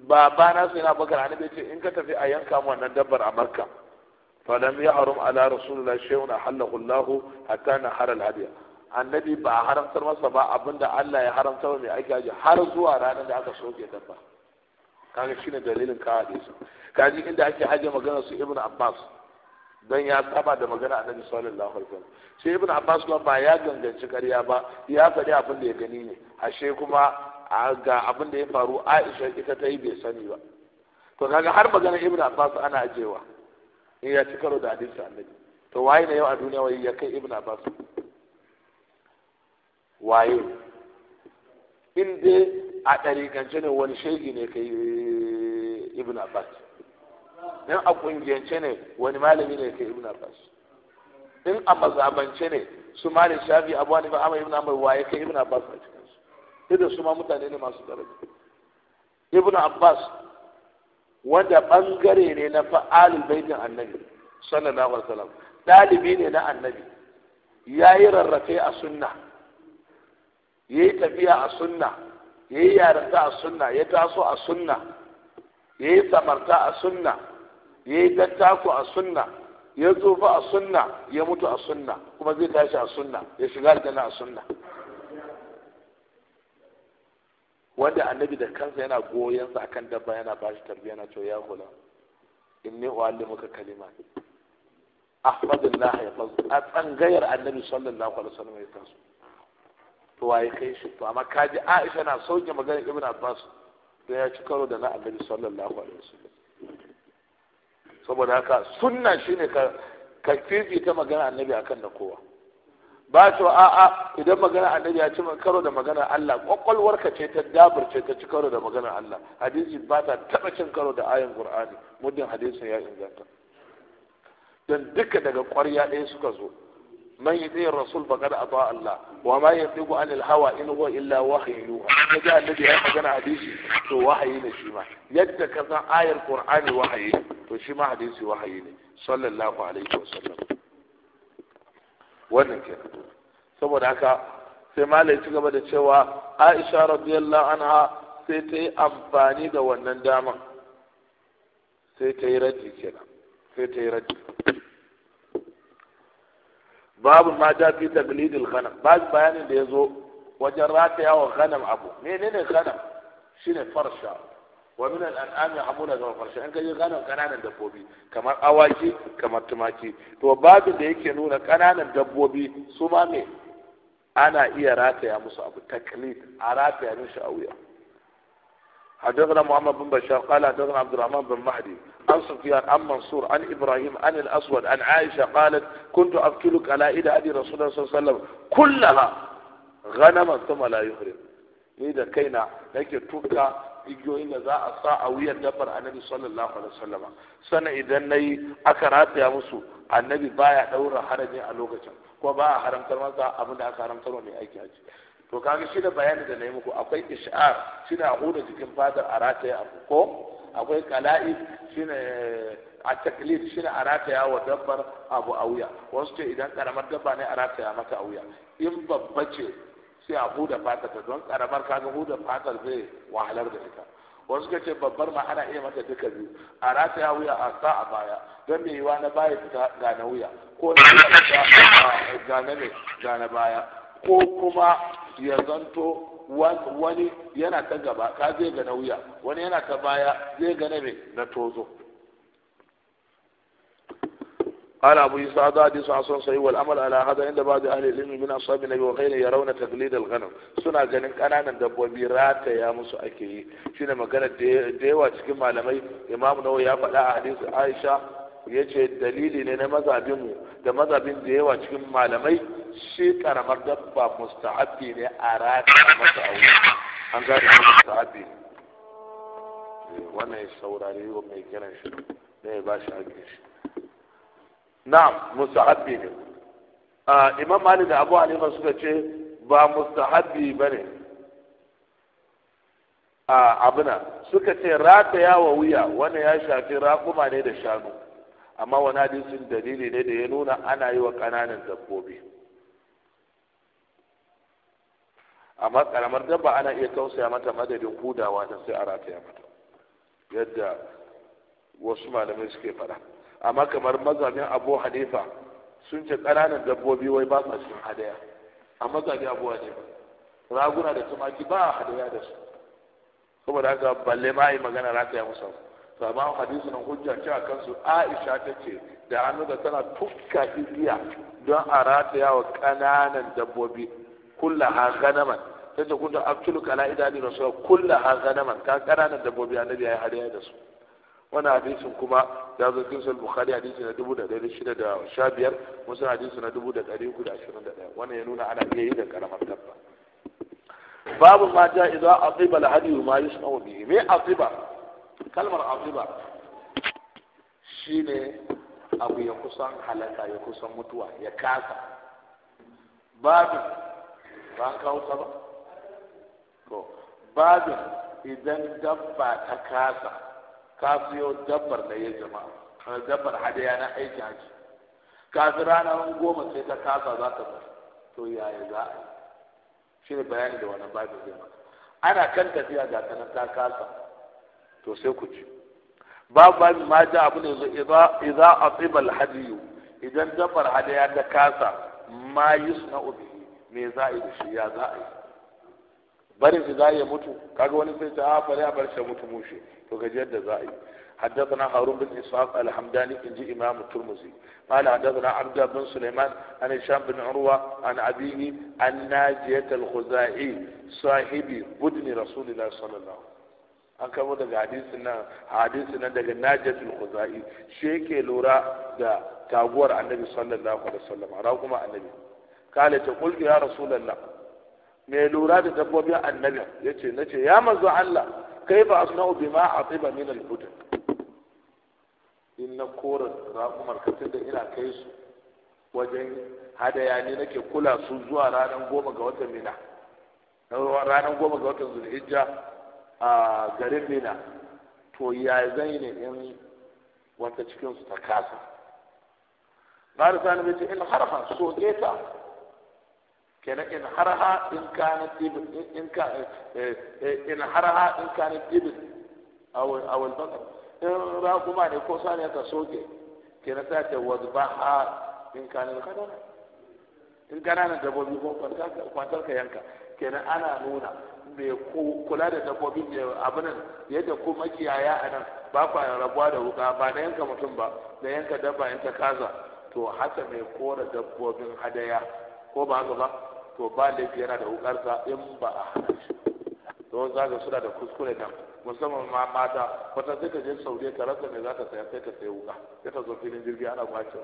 babana sai na bakar annabi ce in ka tafi a yanka mu wannan dabbar a makka falam ya harum ala rasulullah shay'un halahu allah hatta nahara al-hadiya annabi ba a haramtar masa ba abinda Allah ya haramta mai aiki aji har zuwa ranar da aka soke dabba kaga shine dalilin ka hadisi kaji inda ake haje magana su ibnu abbas dan ya saba da magana annabi sallallahu alaihi wasallam sai ibn abbas kuma ba ya ganganci ƙarya ba ya faɗi abin da ya gani ne ashe kuma ga abin da ya faru aisha ita ta yi bai sani ba to kaga har magana ibn abbas ana ajewa in ya ci karo da hadisi annabi to waye ne yau a duniya wai ya kai ibn abbas waye in dai a ɗariƙance ne wani shegi ne kai eh, ibn abbas in a kungiyance ne wani malami ne kai ibn abbas in a mazabance ne su malik shafi abu hanifa amma ibn abbas waye kai ibn abbas a cikin su duk su ma mutane ne masu daraja ibn abbas wanda bangare ne na fa'alul baitin annabi sallallahu alaihi wasallam dalibi ne na annabi yayi rarrafe a sunna yayi tafiya a sunna yayi yarinta a sunna ya taso a sunna yayi samarta a sunna ya yi dattako a sunna ya tsufa a sunna ya mutu a sunna kuma zai tashi a sunna ya shiga aljanna a sunna wanda annabi da kansa yana goyonsa a akan dabba yana bashi tarbiyya yana cewa ya hula inni muka kalima ahmadullah ya fazu a tsangayar annabi sallallahu alaihi wasallam ya taso to waye kai shi to amma kaji Aisha na sauke magana Ibn Abbas to ya ci karo da na annabi sallallahu alaihi wasallam saboda haka sunna shine ka ka fifita magana annabi akan da kowa ba to a'a idan magana annabi ya ci karo da magana Allah ka ce ta ce ta ci karo da magana Allah hadisi ba ta taɓa cin karo da ayin qur'ani muddin hadisin ya inganta dan duka daga ƙwarya ɗaya suka zo man yi tsayin rasul ba faqad a Allah wa ma tsigo an hawa in huwa illa yi. wahyu ta ji annabi ya yi magana hadisi to wahayi ne shi ma yadda ka san ayar qur'ani wahayi to shi ma hadisi wahayi ne sallallahu alaihi wasallam wannan ke saboda haka sai malai ci gaba da cewa Aisha radiyallahu anha sai ta yi amfani da wannan dama sai ta yi raddi kenan sai ta yi raddi babu ma ja fi taglidil ghanam babu bayanin da ya zo wajen rataya wa ghanam abu menene ghanam shine farsha wa min amuna hamuna zama farshe an kaje ganin kananan dabbobi kamar awaki kamar tumaki to babu da yake nuna kananan dabbobi su ma me ana iya rataya musu abu taklid a rataya mishi a wuya حدثنا محمد بن بشار قال حدثنا عبد الرحمن بن مهدي عن سفيان عن منصور عن ابراهيم عن الاسود عن عائشه قالت كنت افتلك على ايد ابي رسول الله صلى الله عليه وسلم كلها غنما ثم لا ni da kaina nake tuka igiyoyin da za a sa a wuyar dabbar annabi sallallahu alaihi wasallama sannan idan nayi aka rataya musu annabi baya daura harami a lokacin ko ba a haramtar masa abin da aka haramtar mai aiki haji to kaga shi da bayani da nayi muku akwai ish'ar shine a huda jikin fadar a rataya abu ko akwai kala'i shine a taklid shine a rataya wa dabbar abu a wuya wasu ce idan karamar dabba ne a rataya mata a wuya in babba ce sai a huda fatar ta don karamar kaga huda fatar zai wahalar da ita wasu ka ce babbar ma ana iya mata duka biyu a ya wuya a sa a baya don mai yiwa na baya fita ga na wuya ko na ga na ne ga na baya ko kuma ya zanto wani yana ta gaba ka zai ga na wuya wani yana ta baya zai ga na mai na tozo قال أبو يوسف هذا حديث حسن صحيح والعمل على هذا عند بعض أهل العلم من أصحاب النبي وغيره يرون تقليد الغنم سنة جنن أنا ندبوبي راتا يا موسى أكي شنو مكان ديوا cikin malamai Imam Nawawi ya faɗa a hadisin Aisha yace dalili ne na mazhabin mu da mazabin da yawa cikin malamai shi karamar dabba musta'abi ne a rata masa aure an gane musta'abi wannan saurare mai kiran shi ne ba shi hakkin shi na'am mustahabbi ne imam malik da abu hanifa suka ce ba mustahabbi bane abuna suka ce rataya wa wuya wannan ya shafi raƙuma ne da shanu amma wani hadisin dalili ne da ya nuna ana yi wa ƙananan dabbobi amma ƙaramar dabba ana iya tausaya mata madadin hudawa ta sai a rataya mata yadda wasu malamai suke faɗa amma kamar mazhabin abu hanifa sun ce ƙananan dabbobi wai ba sa cikin hadaya a mazhabin abu hanifa raguna da tumaki ba a hadaya da su saboda haka balle ma yi magana ta yi musa sabon hadisu na hujja ce a kansu aisha ta ce da hannu da tana tukka igiya don a rataya wa ƙananan dabbobi kulla ha ganaman ta ce ta abtulu kala idani rasul kulla ha ganaman ka ƙananan dabbobi annabi ya yi hadaya da su wannan hadisin kuma ya zo cikin sahih bukhari hadisi na 1615 musa hadisi na 1321 wannan ya nuna ana iya yin karamar dabba babu ma ja idza atiba al hadiyu ma yusma'u bihi me atiba kalmar atiba shine abu ya kusan halaka ya kusan mutuwa ya kasa babu ba an kawo ba to babu idan dabba ta kasa ka siyo dabbar da ya jama'a dabbar hada na aiki haji kafin ranar goma sai ta kasa za ta bar to yaya za a yi shi ne bayani da wannan babu zai maka ana kan tafiya ga kanan ta kasa to sai ku ci babu babu ma ja abu ne zo idza atiba hadiyu. idan dabbar hadaya ta kasa ma yusna'u ubi me za a yi da shi ya za a yi barin shi za ya mutu kaga wani sai ta a ah, bari a bar shi mutu mushe to gaji yadda za a yi حدثنا هارون بن اسحاق الحمداني انجي امام الترمذي قال حدثنا عبد بن سليمان عن هشام بن عروه عن ابيه عن ناجيه الخزاعي صاحب بدن رسول الله صلى الله عليه وسلم an kamo daga hadisi nan hadisi nan daga najatul khuzai shi yake lura da taguwar annabi sallallahu alaihi wasallam ra kuma annabi kale ta qul ya rasulullah mai lura da dabbobin annabi yace ce na ce ya manzo Allah kai ba asna'u bima atiba min al-hudud in na kora raƙumar katin da ina kai su wajen hadaya ne nake kula su zuwa ranar goma ga watan mina ranar goma ga watan zulhijja a garin mina to ya zai ne in wata cikinsu ta kasa ba da sani ce in harfa so ta kenan in harha in kana tibin in ka eh, eh, eh, in harha in kana tibin awal awal bakar in ra kuma ne ko sani ka soke kenan ta ce wazbaha in kana kadara in kananan dabbobi ko kwantar ka yanka kenan ana nuna ku kula da dabbobi ne abinan yadda ku makiyaya a nan ba ku rabuwa da wuka ba na yanka mutum ba da yanka dabba yanka kaza to haka mai kora dabbobin hadaya ko ba haka ba to ba laifi yana da wukarsa in ba a hana shi don zaga suna da kuskure nan musamman ma mata wata sai ta je saurin ta rasa mai za ta saya sai ta sayi wuka sai ta zo filin jirgi ana kwace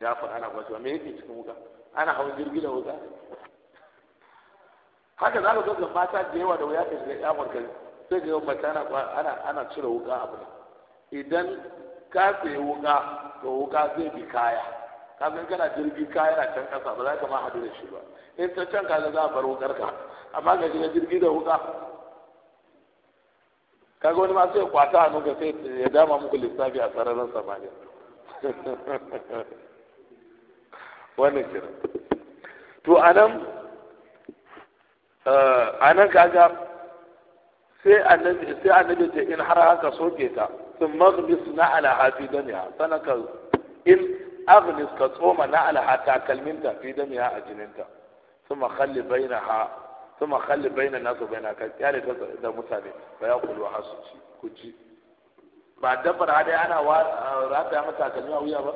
ya fi ana kwace me yake cikin wuka ana hawan jirgi da wuka haka za ka zo ga mata da yawa da wuya ta shiga yawon kai sai ga mace ana ana cire wuka abu idan ka sayi wuka to wuka zai bi kaya kafin kana jirgi ka yana can kasa ba za ka ma hadu da shi ba in ta can kaga za a bar wukar ka amma ka shiga jirgi da wuka ga wani ma sai kwata hannu ka sai ya dama muku lissafi a sararin samaniya wannan kira to anan eh, anan kaga sai annabi sai annabi ce in har haka soke ta sun magbis na ala hafi daniya sanaka in aghnis ka tsoma na alha takalminta fi damiha a jininta thumma khalli bainaha thumma khalli baina nas wa bainaka kyale ta da mutane fa ya kulu hasu ci ku ci ba dabbar dai ana rataya mata takalmi a wuya ba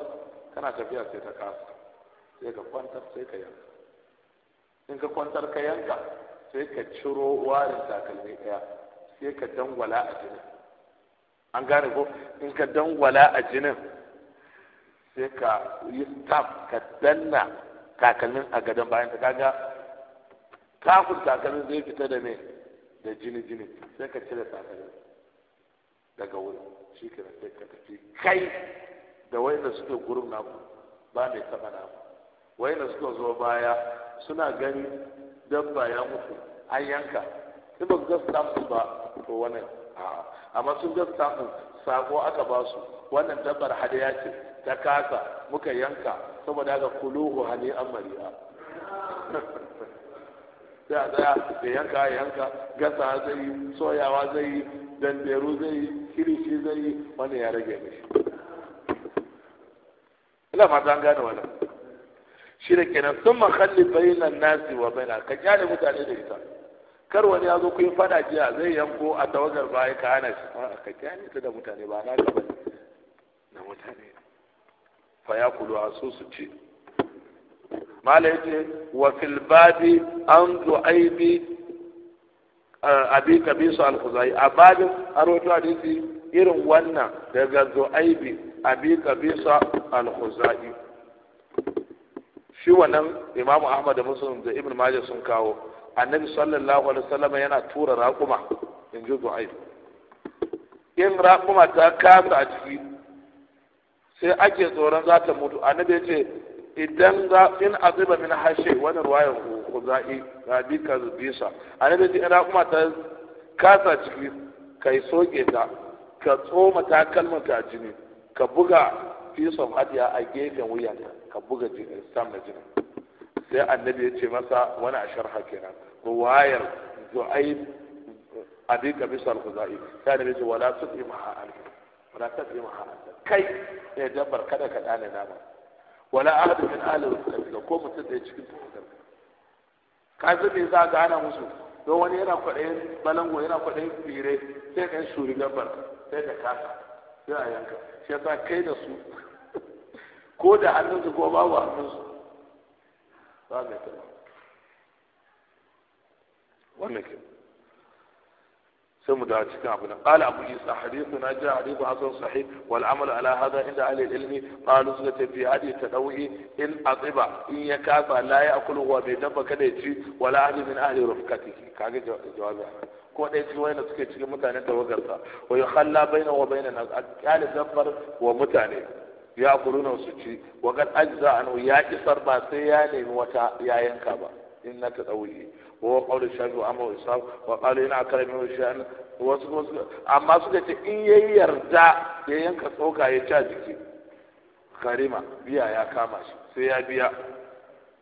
kana tafiya sai ta kasa sai ka kwantar sai ka yanka in ka kwantar ka yanka sai ka ciro warin takalmi ɗaya sai ka dangwala a jinin an gane ko in ka dangwala a jinin sai ka yi tap ka danna takalmin a gadon bayan ta kaga kafin takalmin zai fita da ne da jini jini sai ka cire takalmin daga wurin shi kira sai ka tafi kai da wanda suke gurin naku ba mai taba naku wanda suka zo baya suna gani dabba ya mutu an yanka in ba ga samun ba ko wannan amma sun ga samun sako aka ba su wannan dabbar ya ce ta kasa muka yanka saboda ga kuluhu hali amariya sai a tsaya da yanka yanka gasa zai yi soyawa zai yi danderu zai yi kirishi zai yi wani ya rage mishi ina fata an gane wannan shi da kenan sun makalli bayin nasi wa bayina ka kyale mutane da ita kar wani ya zo ku yi fada jiya zai yanko a tawagar baya ka hana shi ka kyale ta da mutane ba na gaba na mutane fa kulu a so su ci malai ce wa fil babi an aibi abi kabisu su khuzai a babin aroto hadisi irin wannan daga zo aibi abi kabisu su khuzai shi wannan imamu ahmad da musulun da ibn majah sun kawo annabi sallallahu alaihi wasallam yana tura raƙuma in ji du'aibi in raƙuma ta kasa a ciki sai ake tsoron za ta mutu annabi ya ce idan za in aziba min hashe wani ruwayan za'i ga ka zubisa annabi ya ce ina kuma ta kasa ciki kai soke ta ka tsoma ta kalmar ta jini ka buga fisa hadiya a gefen wuyan ka buga jini sam na jini sai annabi ya ce masa wani a ashar kenan ruwayar zu'aib abi ka bisa khuzai sai annabi ya ce wala tut'imha alaihi wala kai ya eh, dabbar kada ka nama ko mutum da ya za ana musu don wani yana kwaɗayin balango yana kwaɗayin fire sai ɗan shuri dabbar sai da kasa sai a yanka shi yasa kai da su ko da ko babu Ba mai ba. wannan sai mu dawo cikin abu nan qala abu isa hadithu na ja hadithu hasan sahih wal amal ala hada inda ahli ilmi qalu suka ce fi ta tadawi in tsiba in ya kafa la ya akulu wa bai dabba kada ya ci wala ahli min ahli rufqatihi kage jawabi ko dai cikin wayanda suke cikin mutanen tawagarsa wa yukhalla baina wa baina a akala dabbar wa mutane ya kuluna su ci wa kad ajza an ya ƙi ba sai ya nemi wata yayanka ba in na tadawi هو قول الشافعي منه amma suka ce in ya yarda ya yanka tsoka ya ca jiki karima biya ya kama shi sai ya biya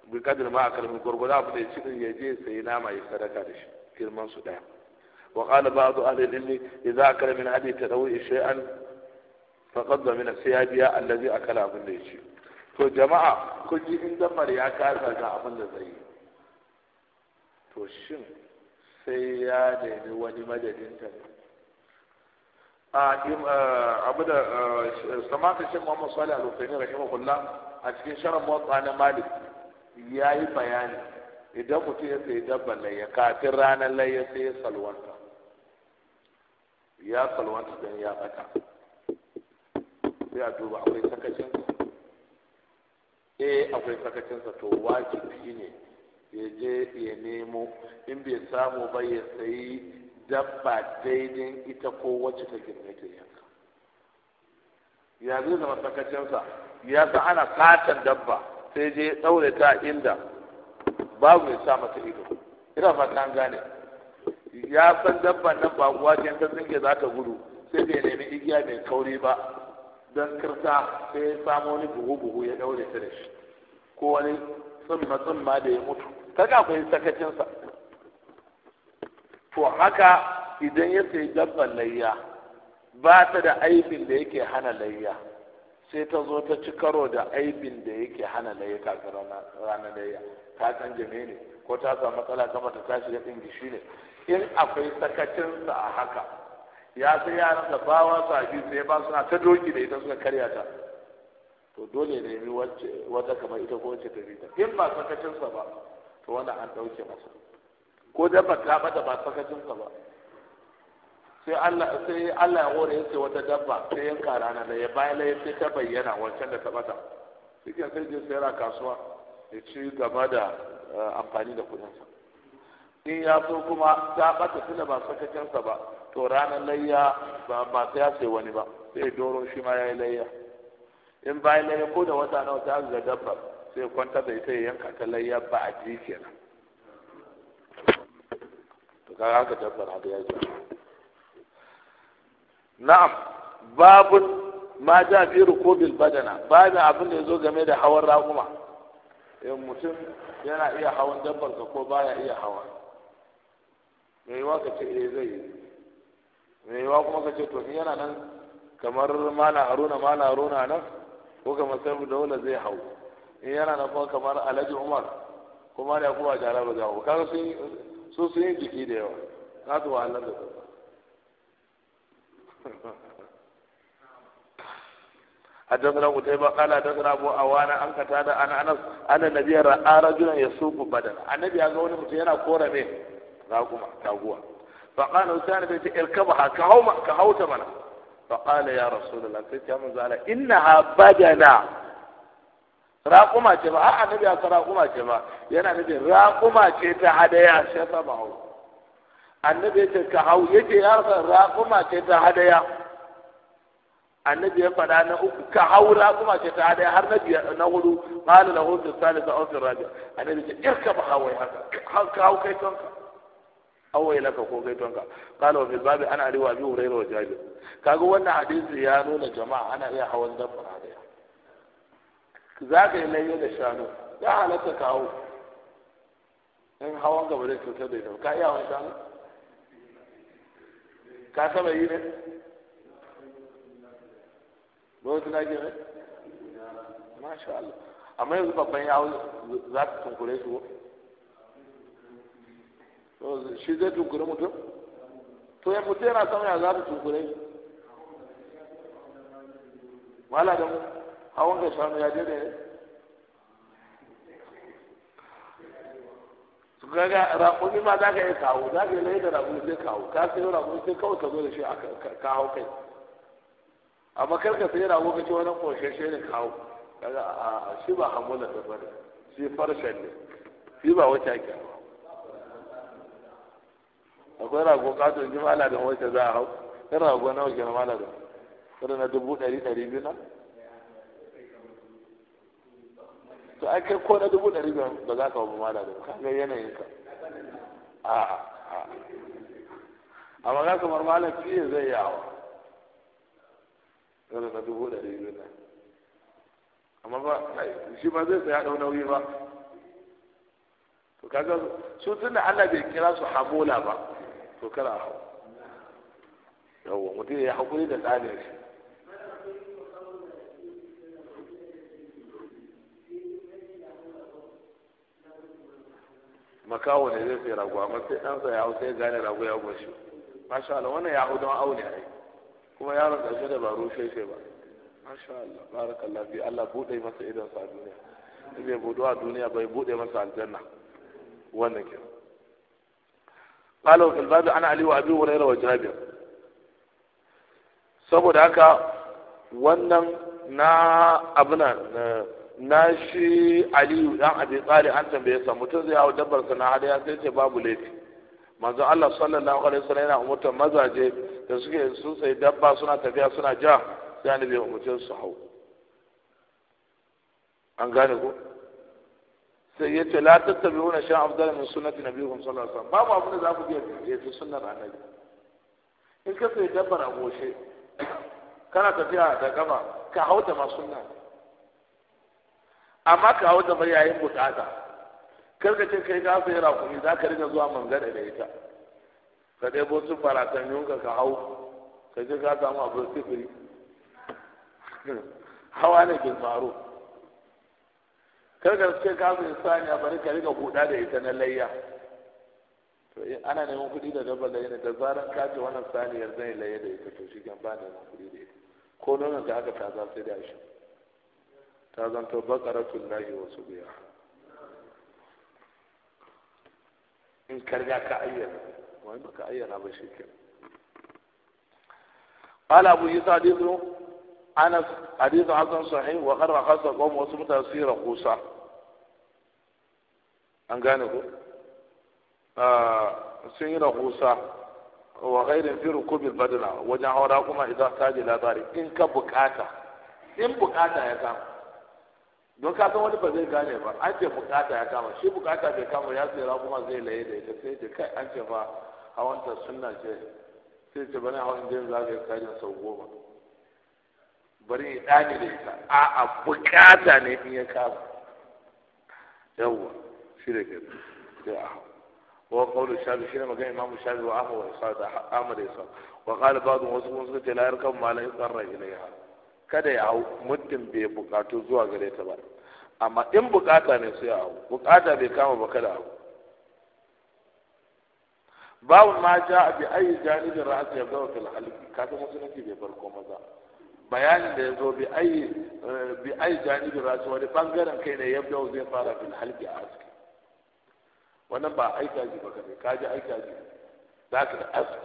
bi ma a abu da ya ci ya je sai nama ya sadaka da shi girman su daya wa qala ba'du ahli al-ilmi idza akala min hadi tadawi shay'an sai ya biya allazi abin da to jama'a kun ji in zamar ya kasa ga abin da zai yi to shin sai ya nemi wani madadinta ne A abu da samata shi muhammad salih al-husaini rahimahullah a cikin sharar motsa na malik ya yi bayani idan mutum ya sayi dabba layya kafin ranar layya sai ya salwanta ya salwanta don ya bata sai a duba akwai sakacin eh akwai sakacinsa to wajibi ne ya je ya nemo in bai samu ba ya sayi dabba daidai ita ko wacce ta girme ta yanka ya zo da masakacinsa ya sa ana katon dabba sai je ɗaure ta inda babu ya sa mata ido ina fata an gane ya san dabban nan ba kuwa ce ta tsinke za ta gudu sai bai nemi igiya mai kauri ba don kirta sai ya samu wani buhu-buhu ya ɗaure ta da shi ko wani tsumma-tsumma da ya mutu kaga akwai sakacinsa to haka idan ya sayi dabban layya ba ta da aibin da yake hana layya sai ta zo ta ci karo da aibin da yake hana layya kafin ranar layya ta jame ne ko ta samu matsala kama ta tashi da shi ne in akwai sakacinsa a haka ya sai yaran da bawa su a biyu sai ba suna ta doki da ita suka karya ta to dole ne wata kamar ita ko wacce ta rita in ba sakacinsa ba to wanda an ɗauke masa ko ba ta bata ba sakacinsa ba sai Allah sai Allah ya hore yace wata dabba sai yanka rana da ya bayan la yace ta bayyana wancan da ta bata suke sai je sai a kasuwa ya ci gaba da eh, amfani da kuɗinsa in ya so kuma ta bata tunda ba sakacinsa ba to ranar layya ba sai ya sai wani ba sai doro shi ma ya yi layya in bayan la ko da wata nawa ta ga dabba sai kwantar da ita ya yanka ta layya ba a ji kenan to ga haka dabbar haka ya ji na'am babu ma ja fi rukubil badana babin abin da ya zo game da hawan raƙuma in eh, mutum yana iya hawan dabbar ka ko baya iya hawa me yiwa ka ce eh zai yi me yiwa kuma ka ce to yana nan kamar mala haruna mala haruna nan ko kamar sai dole zai hau in yana na kuma kamar alhaji umar kuma da kuma jara ba gawo kaga sun su yi jiki da yawa Na su wahalar da a حدثنا قتيبة قال حدثنا أبو أوانا عن قتادة عن أنس أن النبي رأى رجلا يسوق بدنا النبي أقول لك أنا كورة به راكم كاغوا فقال حسين بن اركبها كهوما كهوت فقال يا رسول الله سيدي من زال إنها na. raƙuma ce ba a annabi ya raƙuma ce ba yana nufin raƙuma ce ta hadaya sai ta ba hau annabi ce ka hau yake ya rasa raƙuma ce ta hadaya annabi ya faɗa na uku ka hau raƙuma ce ta hadaya har na biyar na hudu malu na hudu salisa aw fi rabi annabi ce irka ba hawai haka ka hau kai tonka awai laka ko kai tonka qala wa fil babi ana ali wa abi hurairah wa jabir kaga wannan hadisi ya nuna jama'a ana iya hawan dabba hadaya zagaye layo da shanu ya halatta kawo in hawan gaba da cutar da ita ka iya hawan shanu ka saba yi ne lokacin na ne masha Allah amma yanzu babban yawo za ka tunkure su shi zai tunkure mutum to ya mutu yana sama ya za ka tunkure wala da mu awon da shanu ya daidai su kaga raƙumi ma za ka iya kawo za ka yi lai da raƙumi sai kawo ka sayo raƙumi sai kawai ka zo da shi a hau kai amma kar ka sayi rago ka ce wani ƙoshashe ne kawo kaga a shi ba hamu da ta fara, shi farshen ne shi ba wacce ake ba akwai rago katon jimala da wacce za a hau kan rago nawa ke na mala da na dubu ɗari ɗari biyu na to ai kai ko na dubu ɗari ba za ka ba da ka ga yanayin ka a amma za kamar mala fiye zai yawa dole na dubu ɗari biyar amma ba shi ba zai tsaya ɗau nauyi ba to kaga su tun da Allah bai kira su hamola ba to kada hau yawwa mutum ya haƙuri da tsarin shi makawo ne zai sai rago amma sai ɗansa ya hau sai gane ragu ya goshi masha Allah wannan ya hau don aune ai kuma yaron ƙarshe da ba rushe shi ba masha Allah barakallahu fi Allah bude masa idan sa duniya bai bude a duniya bai bude masa aljanna wannan ke قال وفي الباب عن علي وابي هريره وجابر saboda haka wannan na abuna na shi aliyu dan abi tsari an tambaye sa mutum zai hau dabbar sa na hadaya sai ce babu laifi manzo Allah sallallahu alaihi wasallam yana umurtar mazaje da suke sun sai dabba suna tafiya suna ja sai annabi ya umurce su hau an gane ko sai ya ce la tattabi'una shan afdal min sunnati nabiyyikum sallallahu alaihi wasallam babu abin da za ku biya ya ce sunnar annabi in ka sai dabbar a goshe kana tafiya da gaba ka hauta ma sunna amma ka hau zama yayin bukata kar ka ce kai ka sayi rakumi za ka riga zuwa mangare da ita ka ɗebo su faratan yunka ka hau ka ce ka samu abu sifiri hawa ne bin faru kar ka ce ka sayi saniya bari ka riga huda da ita na layya to in ana neman kuɗi da dabbar layya ne da zarar ka ce wannan saniyar zai layya da ita to shi kan ba neman kuɗi da ita ko nonon da aka za sai da shi ta zanto bakaratul lahi wa subiya in karga ka ayyana wai baka ayyana ba shi ke abu yusa dizo ana hadithu hasan sahih wa kharra hasan qawm wa subta an gane ko ah sirra qusa wa ghairu fi rukub al-badla wa ja'a rakuma idha sajada la in ka bukata in bukata ya samu don ka san wani ba zai gane ba an ce bukata ya kama shi bukata bai kama ya tsira kuma zai laye da ita sai ce kai an ce ba ta sunna ce sai ce bane hawan jin zagaye kajin sau goma bari ya dani da ita a bukata ne in ya kama yawwa shi da gari sai a hau وقول الشافعي شنو ما قال امام الشافعي واحمد واسحاق احمد واسحاق وقال بعضهم وسوس لا يركب ما لا يضطر اليها kada ya hau muddin bai bukatu zuwa gare ta ba amma in bukata ne sai ya hau bukata bai kama ba kada hau babu ma ja bi ayi janibin ra'asi ya gawa fil halqi kaga musulunci bai farko maza bayanin da ya zo bi ayi eh, bi ayi janibin ra'asi wani bangaren kai ne ya gawa zai fara fil halqi a aski wannan ba aika ji ba kai kaji aika ji za ka da aski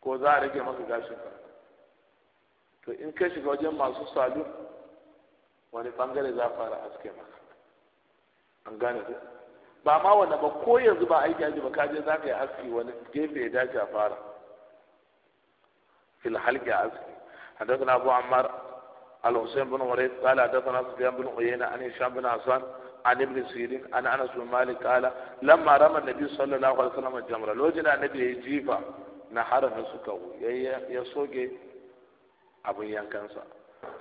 ko za a rage maka gashin ka to in ka shiga wajen masu salu wani bangare za fara aske maka an gane ku ba ma wanda ba ko yanzu ba aiki aji ba ka je za ka yi aski wani gefe ya dace a fara fil halki aski na abu ammar al bin bin umar qal hadathana sufyan bin uyayna Ani hisham bin aswan an ibn sirin an anas bin malik qala lamma rama nabi sallallahu alaihi wasallam al jamra lojina nabi yajifa na harfa suka ya soge abin yankansa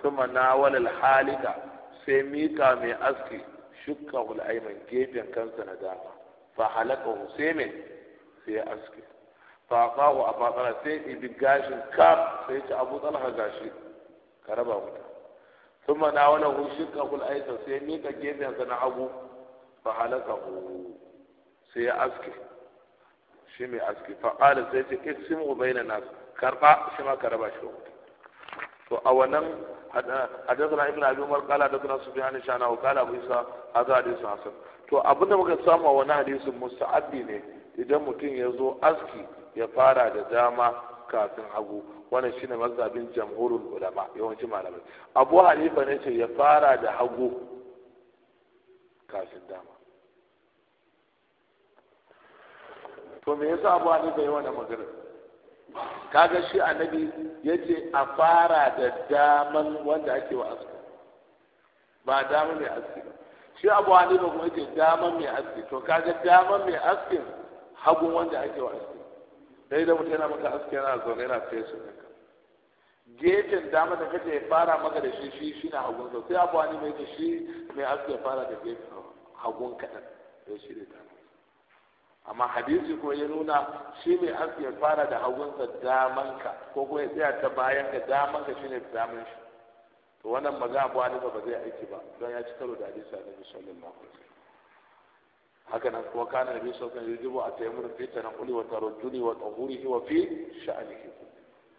kuma na walal halika sai mika mai aski shukka aiman gefen kansa na dama fa halaka sai sai ya aski fa fahu a fatsara sai ibi gashin kaf sai ci abu talha gashi ka raba wuta kuma na walal shukka aiman sai mika gefen sa na hagu fa halaka sai ya aski shi mai aski fa qala sai ce iksimu bainana karba shi ma ka raba shi wuta to a wannan حدثنا ابن ابي عمر قال حدثنا shana wa وقال Abu Isa, هذا حديث hasan to abinda muka samu a wani hadisin musta'addi ne idan mutum ya zo aski ya fara da dama kafin hagu wannan shine mazhabin jamhurul ulama yawanci malamai abu hanifa ne ce ya fara da hagu kafin dama to me yasa abu hanifa ya wannan magana kaga shi annabi yace a fara da daman wanda ake wa aski ba daman mai aski ba shi abu ba kuma yace daman mai aski to kaga daman mai aski hagun wanda ake wa aski dai da mutum yana maka aski yana zaune yana su ne gefen dama da kace ya fara maka da shi shi shi na hagun sai abu hanifa yace shi mai aski ya fara da gefen hagun kaɗan da shi ne dama amma hadisi ko ya nuna shi mai aski ya fara da hagunsa damanka ko kuma ya tsaya ta bayan ka damanka shine daman shi to wannan maza abuwa hanifa ba zai aiki ba don ya ci karo da hadisi a annabi sallallahu alaihi wasallam haka nan kuma kana nabi sallallahu alaihi wasallam a ataymur fi kuli wa tarajjuli wa tahurihi wa fi sha'nihi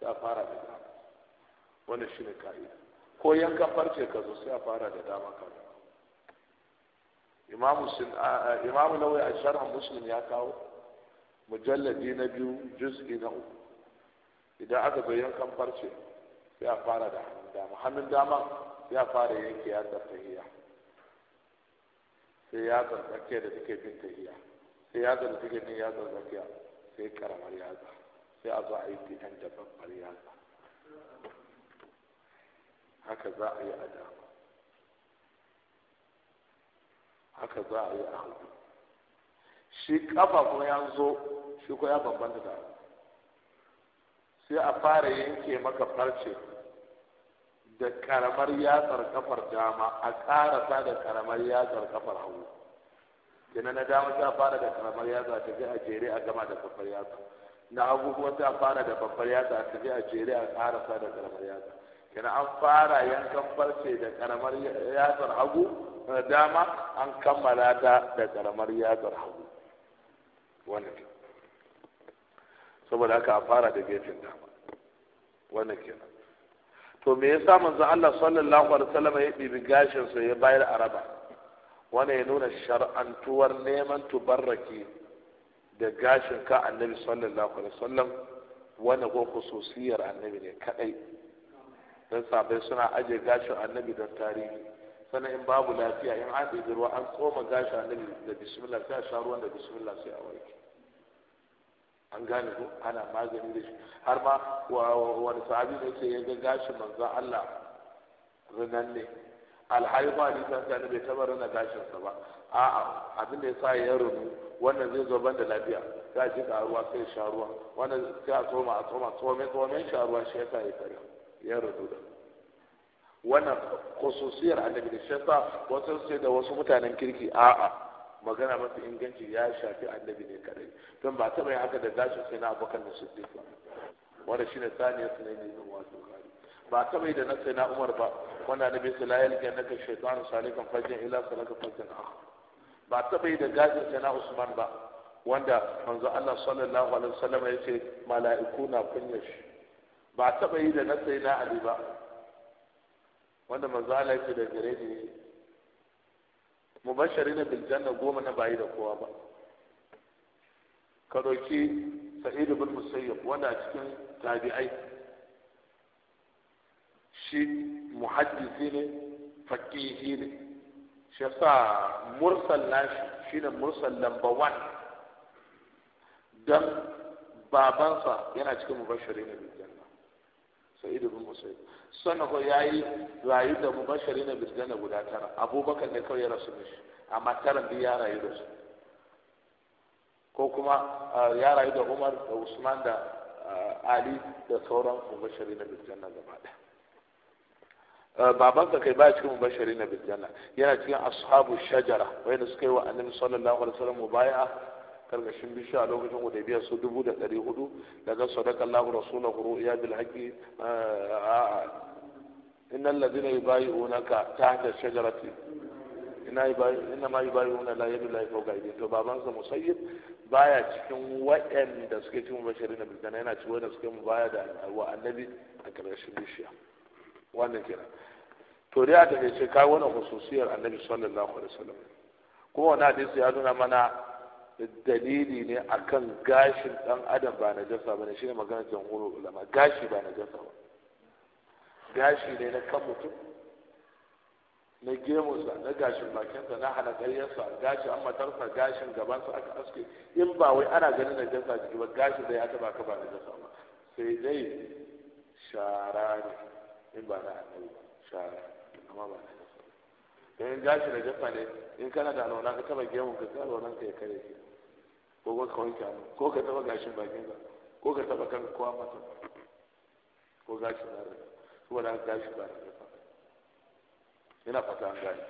ta fara da dama wannan shine ka'ida ko yanka farce ka zo sai a fara da dama ka imamu imamu nawawi a sharh muslim ya kawo mujalladi na biyu juz'i na uku idan aka bayyana kan farce sai a fara da hannun dama hannun dama ya fara yanke ya tsartahiya sai ya tsartakiya da take bin tahiya sai ya tsarta take bin ya tsartakiya sai karamar yatsa sai a zo a yi fitan da babbar yatsa haka za a yi a dama haka za a yi a hagu shi kafa kuma ya zo shi ko ya bambanta da sai a fara yanke maka farce da karamar yatsar kafar dama a karasa da karamar yatsar kafar hagu kenan na dama sai a fara da karamar yatsa ta je a jere a gama da babbar yatsa na hagu kuma sai a fara da babbar yatsa ta je a jere a karasa da karamar yatsa kenan an fara yankan farce da karamar yatsar hagu dama an kammala ta da karamar yatsar hagu wannan ke saboda haka a fara da gefen dama wannan kenan to me yasa manzo Allah sallallahu alaihi wasallam ya ɗibi gashin sa ya bayar araba wannan ya nuna shar'antuwar neman tubarraki da gashin ka annabi sallallahu alaihi wasallam wannan ko khususiyar annabi ne kadai dan sabai suna aje gashin annabi don tarihi sana in babu lafiya in an ɗebi ruwa an tsoma gashi nan da bismillah sai a sha ruwan da bismillah sai a wanke an gane ko ana magani da shi har ma wani sahabi ne sai ya ga gashin manzo Allah rinan ne alhali ne ni san sai bai taba rana gashin sa ba a'a abin da sa ya rubu wannan zai zo banda lafiya za ji ka ruwa sai sha ruwa wannan sai a tsoma a tsoma tsome tsome sha ruwa shi yasa ya kare ya rubu da wannan khususiyar annabi da shafa wasu sai da wasu mutanen kirki a'a magana mafi inganci ya shafi annabi ne kadai don ba ta yin haka da gashin sai na abokan da siddiq ba wanda shine saniyar su ne ne yin wasu kare. ba ta yi da na sai na umar ba wanda annabi su la yalga naka shaitan salikan fajin ila salaka fajin a. ba ta yi da gashin sai na usman ba wanda manzo Allah sallallahu alaihi wasallam ya ce mala'iku na kunyar shi ba ta yi da na sai na ali ba wanda manzo Allah yake da gare ni mubashirin bil janna goma na bayi da kowa ba ka dauki sa'id bin musayyib wanda a cikin tabi'ai shi muhaddisi ne faqihi ne shi sa mursal nashi shine mursal number 1 dan babansa yana cikin mubashirin bil Saidu bin musayyib sannan ko yayi rayu da mubashari na birjana guda tara abubakar ne kawai ya rasu mishi amma tara biyu ya rayu da su ko kuma ya rayu da umar da usman da ali da sauran mubashari na birjana gaba ɗaya babanka kai ba cikin mubashari na birjana yana cikin ashabu shajara wanda suka yi wa annabi sallallahu alaihi wasallam mubai'a karkashin bishiya a lokacin hudaybiya su dubu da ɗari hudu daga sadaka allahu rasulahu ru'ya bil haqqi innal ladina yubayi'unaka tahta shajarati ina ma yubayi'una la yadu la fawqa aydihim to baban sa musayyib baya cikin da suke cikin bashari na bilkana yana cikin waɗanda suke mu baya da wa annabi a karkashin bishiya wannan kenan to dai a takaice kai wannan hususiyar annabi sallallahu alaihi wasallam kuma wannan hadisi ya nuna mana dalili ne akan gashin dan adam ba na jasa ba ne shine magana jamhurul ulama gashi ba na jasa ba gashi ne na kan mutum na gemunsa na gashin bakinsa na halakaryarsa an matarsa gashin gabansa aka aske in ba wai ana ganin na jasa jiki ba gashi da ya taba ka ba na jasa ba sai dai shara ne in ba na annabi ba shara amma ba na jasa ba gashi na jasa ne in kana da alwala ka taba gemun ka sai alwalan ka ya kare shi ko ko ka wanke hannu ko ka taba gashin bakin ka ko ka taba kan kowa masa ko gashin na rai ko da gashin ba rai ba yana fata an gani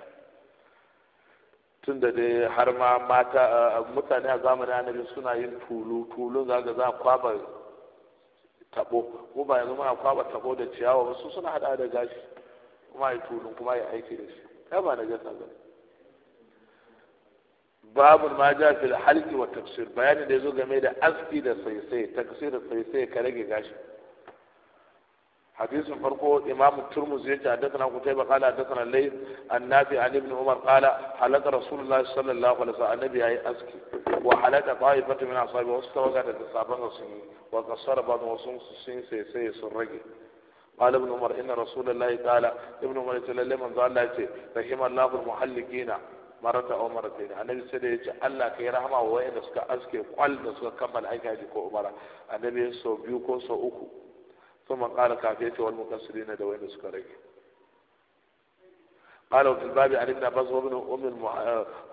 tun da dai har ma mata mutane a zamanin annabi suna yin tulu tulun za ga za a kwaba tabo ko ba yanzu muna kwaba tabo da ciyawa ba su suna hada da gashi kuma yi tulun kuma yi aiki da shi ya ba na gasa gani باب ما جاء في الحلق والتكسير بيان اللي da ميدة game da aski da saisai tafsir da حديث فرقه إمام الترمذي حدثنا قتيبة قال حدثنا الليث النافع عن ابن عمر قال حلق رسول الله صلى الله عليه وسلم النبي أي أسكي وحلق طائفة من أصحابه واستوقع تتصابق السنين وقصر بعض وصوم السنين سيسي سرقي قال ابن عمر إن رسول الله تعالى ابن عمر قال من شيء رحم الله المحلقين marata aw maratayn annabi sai da yace Allah kai rahama wa wayanda suka aske kwal da suka kammala aiki haji ko umara annabi so biyu ko so uku ثم قال كافية والمكسرين da wayanda suka rage قال وفي الباب عن ابن عباس وابن ام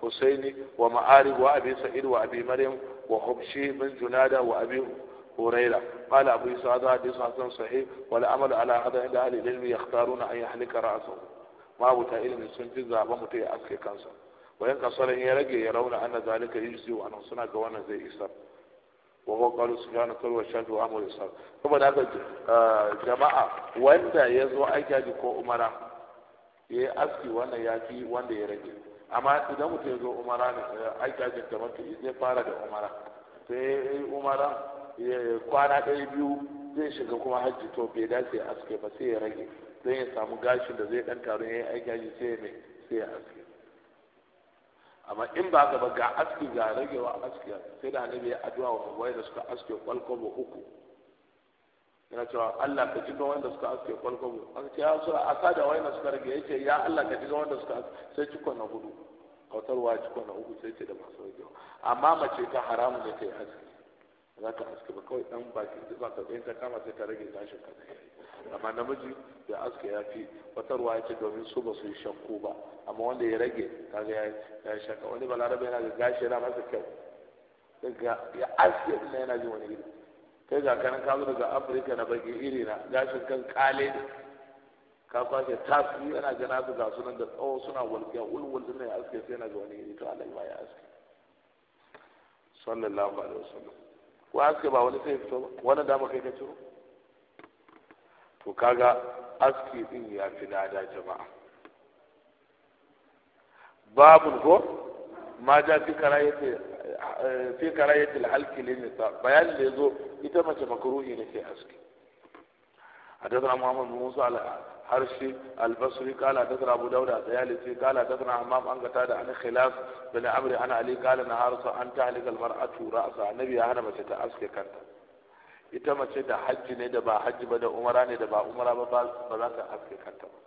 الحسين ومعارف وابي سعيد وابي مريم وحبشي بن جناده وابي هريره قال ابو يسوع هذا حديث حسن صحيح والعمل على هذا عند اهل العلم يختارون ان يحلق راسه ما ابو تعالى من سنجز زابا متي اسكي كانسا wayan kasar in ya rage ya rauna anna zalika yujzi wa anhu suna ga wannan zai isa wa huwa qalu subhana kal wa shadu wa amru isa saboda haka ah, jama'a wanda ya zo aiki haji ko umara ya yi aski wannan ya fi wanda ya rage amma idan mutum ya zo umara ne eh, aiki haji da mutum zai fara da umara sai umara kwana ɗaya biyu zai shiga kuma hajji to bai dace ya aske ba sai ya rage don ya samu gashin da zai ɗan taron ya yi aiki haji sai ya mai sai ya aske amma in ba ka ba ga aski ga ragewa aski sai da annabi ya addu'a wa mawai da suka aske mu uku yana cewa Allah ka ji wanda suka aske mu an ce ya sura asa wai na suka rage yace ya Allah ka ji wanda suka sai ci na hudu kautarwa ci na uku sai ce da masu ragewa amma mace ta haramun da ta yi aski za ka aske ba kawai dan baki ba ka tsaye ta kama sai ta rage gashin ka da amma namiji ya aska ya fi wata ruwa ya ce domin su ba su yi shakku ba amma wanda ya rage kaga ya ya shakka wani balarabe yana da gashi yana masa kyau daga ya aske din yana ji wani iri kai ga kanan ka daga afirka na baki iri na gashin kan kale ne ka kwashe tasu yana gana su ga sunan da tsawo suna walƙiya ulwul din ya aske sai yana ga wani iri to Allah ba ya aske sallallahu alaihi wasallam ko aske ba wani sai fito ba wani da ba kai ka ciro to kaga aski din ya fi lada jama'a Babu ko ma ja fi karayati fi halki lin nisa bayan da yazo ita mace makruhi ne sai aski حدثنا محمد بن موسى حرشي البصري قال حدثنا ابو داود الطيالسي قال حدثنا حمام عن قتاده عن خلاف بن عمرو عن علي قال نهى ان تعلق المراه راسها النبي mace ta تاسك kanta. ita mace da hajji ne da ba hajji ba da umara ne da ba umara ba ba za ta haske kanta ba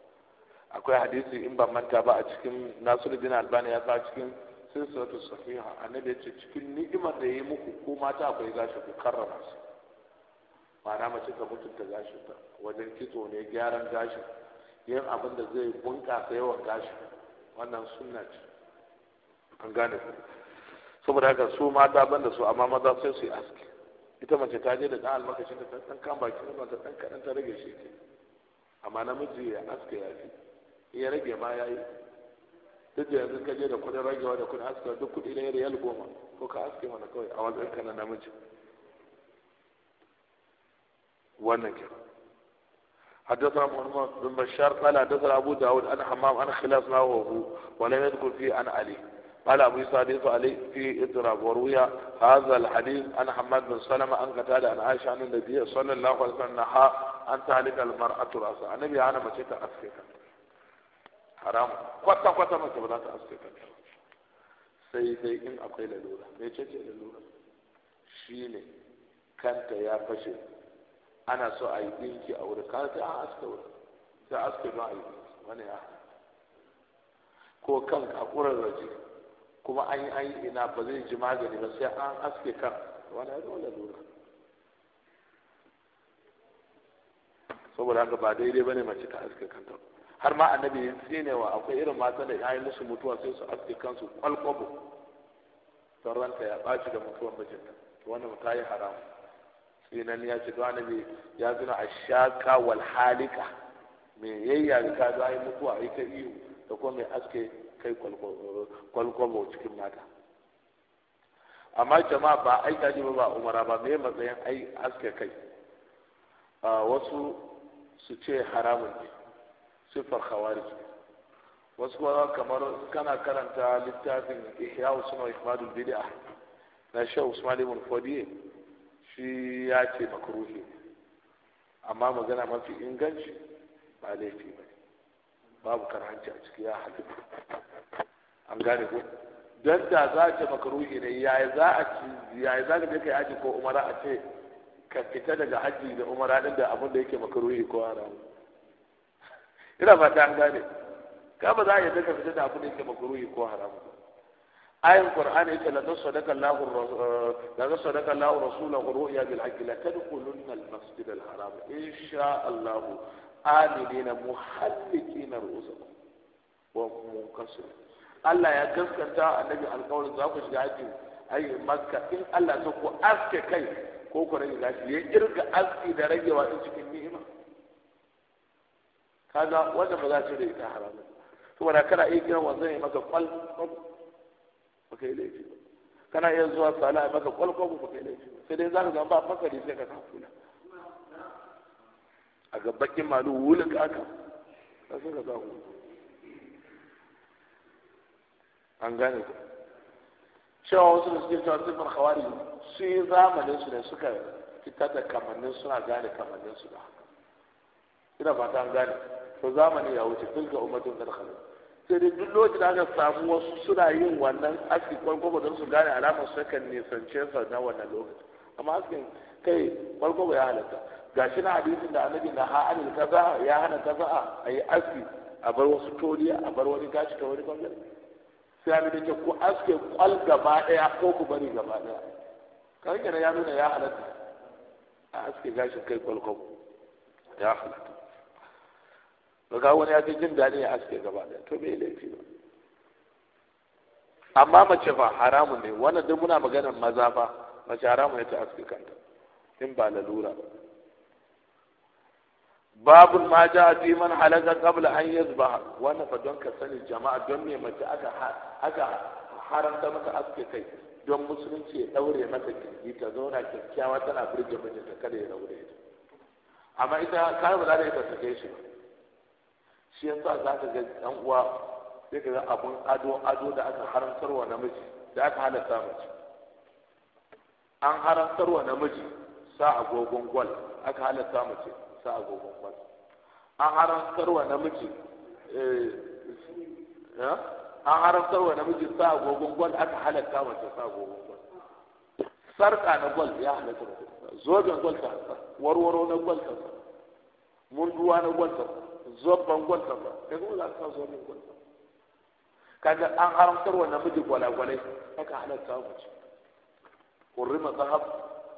akwai hadisi in ba manta ba a cikin nasiruddin albani ya sa cikin silsilatu sahiha annabi ya ce cikin ni'imar da ya yi muku ko mata akwai gashi ku karrama su ma'ana mace ta mutunta gashi ta wajen kitso ne gyaran gashi yin abin da zai bunƙasa yawan gashi wannan sunna ce an gane ku saboda haka su mata banda su amma maza sai su yi aski ita mace ta je da ɗan almakashin da ɗan kan bakin ba ta ɗan kaɗan ta rage shi amma namiji ya aska ya fi ya rage ma ya yi duk da yanzu ka je da kuɗin ragewa da kuɗin aska duk kuɗi na riyal goma ko ka aske mana kawai a wajen ka na namiji wannan kenan حدثنا محمد بن بشار قال حدثنا ابو داود عن حمام عن خلاف ما هو ولم يذكر فيه عن علي قال أبو يسعد علي في إضراب وروي هذا الحديث عن حماد بن سلمة عن قتادة عن عائشة عن النبي صلى الله عليه وسلم نحا أن تهلك المرأة رأسها النبي أنا ما شئت أسكت حرام قطة قطة ما تبغى تأسكت سيدي إن أقيل لولا ليش لولا شيني كانت يا فشل أنا سو أي دينكي أو ركالتي أسكت سأسكت ما أي دينكي وأنا ko kanka a ƙurar raji kuma an yi an yi ina ba zai ji magani ba sai an aske kan wani ya wani lura saboda haka ba daidai ba ne mace ta aske kanta har ma annabi ya tsinewa akwai irin matan da yayin musu mutuwa sai su aske kansu kwalkwabo don ranta ya ɓaci da mutuwan mijinta mu ta yi haram tsinan ya ce don annabi ya zina a shaƙa wal halika mai yayya ka a yi mutuwa ita iyo da kuma mai aske kai kwalkwalo cikin mata amma jama'a ba ai ta ba ba umara ba me matsayin ai aske kai wasu su ce haramun ne siffar khawarij wasu kuma kamar kana karanta littafin ihya usman ihmadul bid'ah na sha usman ibn shi ya ce makruhi amma magana mafi inganci ba laifi ba babu karhanci a ciki ya halitta an gane ko don da za a ce makaruhi ne yaya za a ci yaya za ka je kai aji ko umara a ce ka fita daga haji da umara din da abin da yake makaruhi ko haramu ina ba ta an gane ka ba za a yadda ka fita da abin da yake makaruhi ko haramu ayin qur'ani yake laqad sadaqa Allahu eh, laqad sadaqa Allahu rasulahu ru'ya bil haqqi la tadkhulunna al masjid al haram insha Allah amilina muhallikin ru'usakum wa munkasir Allah ya gaskanta annabi alƙawarin za ku shiga aji ayi makka in Allah ta ku aske kai ko ku rage gashi ya kirga aski da ragewa in cikin ni'ima kaga wanda ba za su da ita haramun saboda kana iya kiran wanzan ya maka kwal ba kai laifi ba kana iya zuwa sala ya maka kwal kwal ba kai laifi ba sai dai za ka zama ba fasari sai ka kafula a ga bakin malu wulin ka aka ka suka za ku an gane ku cewa wasu da suke cewa sifar hawari su yi zamanin su ne suka fitar da kamannin suna gane kamannin su da haka ina fata an gane to zamani ya wuce tilka ummatun kad khalat sai dai duk lokacin da aka samu wasu suna yin wannan aski kwankwago don su gane alamar su nisance sa na wannan lokacin amma askin kai kwankwago ya halatta gashi na hadisin da annabi na ha anil kaza ya hana kaza a yi aski a bar wasu tori, a bar wani gashi ta wani bangare sai annabi ce ku aske kwal gaba daya ko ku bari gaba daya kan kana ya nuna ya halatta a aske gashi kai kwal ko ya halatta ga wani ya fi jin daɗi ya aske gaba daya to bai laifi ba amma mace fa haramun ne wannan duk muna maganar maza fa mace haramun ne ta aske kanta in ba lalura ba babu ma ja a fi man halaka qabla an yi yazbaha wani fa don ka sani jama'a don me mace aka aka haramta aske kai don musulunci ya daure masa kirji ta zauna kyakkyawa tana burge mijinta kada ya daure ta amma ita kayan ba za ta yi ta sake shi ba shi ya sa za ka ga 'yan uwa sai ka ga abun ado ado da aka wa namiji da aka halatta mace an wa namiji sa agogon gwal aka halatta mace ta agogon wata an haramtar wa namiji eh, an haramtar wa namiji ta agogon gwal aka halatta mace ta agogon gwal sarka na gwal ya halatta mace zoben gwal ta warwaro na gwal ta munduwa na gwal ta zoben gwal ta da kuma za ka zo zoben gwal ta kaga an haramtar wa namiji gwalagwalai aka halatta mace hurrima zahab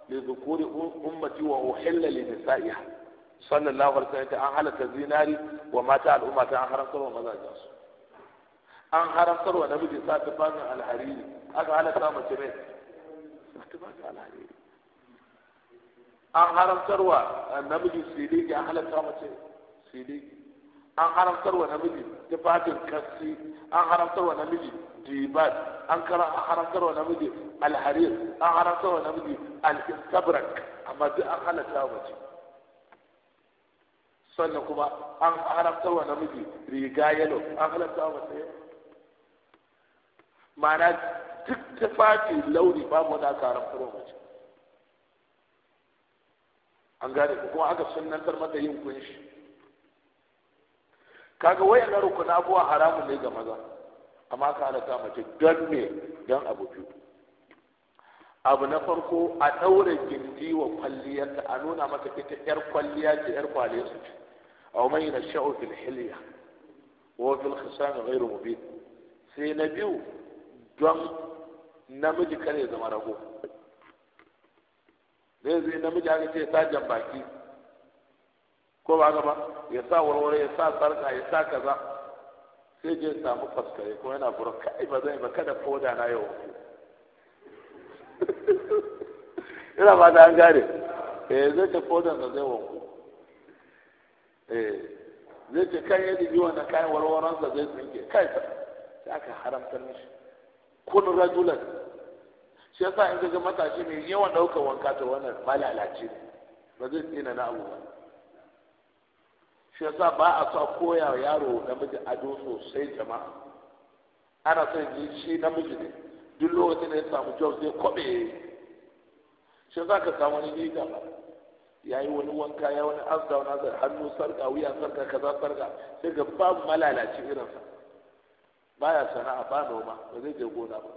li dhukuri ummati wa uhilla li nisa'iha sallallahu alaihi wasallam an halatta zinari wa mata al'umma ta an haramtar wa mazajen su an haramtar wa namiji sa tufafin alhariri aka halatta mace mai an haramtar wa namiji siliki an halatta mace siliki an haramtar wa namiji tufafin kassi an haramtar wa namiji dibat an haramtar wa namiji alharir an haramtar wa namiji al amma duk an halatta mace sannan kuma an halatta wa namiji riga yalo an halatta wa mace ma'ana duk ta tufafi launi babu wanda aka haramta wa mace an gane ko kuma aka sunnantar mata yin kunshi kaga wayan na rukun abuwa haramun ne ga maza amma ka halatta mace don me don abu biyu abu na farko a ɗaure gindi wa kwalliyarta a nuna mata ita 'yar kwalliya ce 'yar kwaliyar su ce أو من ينشأ في الحلية وهو في الخصام غير مبين sai na biyu don namiji kare zama rago zai zai namiji aka ce sa jan baki ko ba gaba ya sa warware ya sa sarka ya sa kaza sai je samu faskare kuma yana fura kai ba zai ba kada foda na yau ina ba da an gane eh zai ta zai wanku Eh, zai ce kan yadda yi wannan kayan warwaransa zai tsinke kai ta sai aka haramtar mishi kun rajulan shi yasa in ga matashi mai yawan ɗaukar wanka ta wannan malalaci ba zai tsina na abu ba shi yasa ba a sa koya yaro namiji ado sosai jama'a ana son shi namiji ne duk lokacin da ya samu job zai kwabe shi yasa ka samu wani ga ba ya yi wani wanka ya wani azda wani azda hannu sarka wuya sarka kaza sarka sai ga babu malalaci irinsa baya sana'a ba noma ba zai je gona ba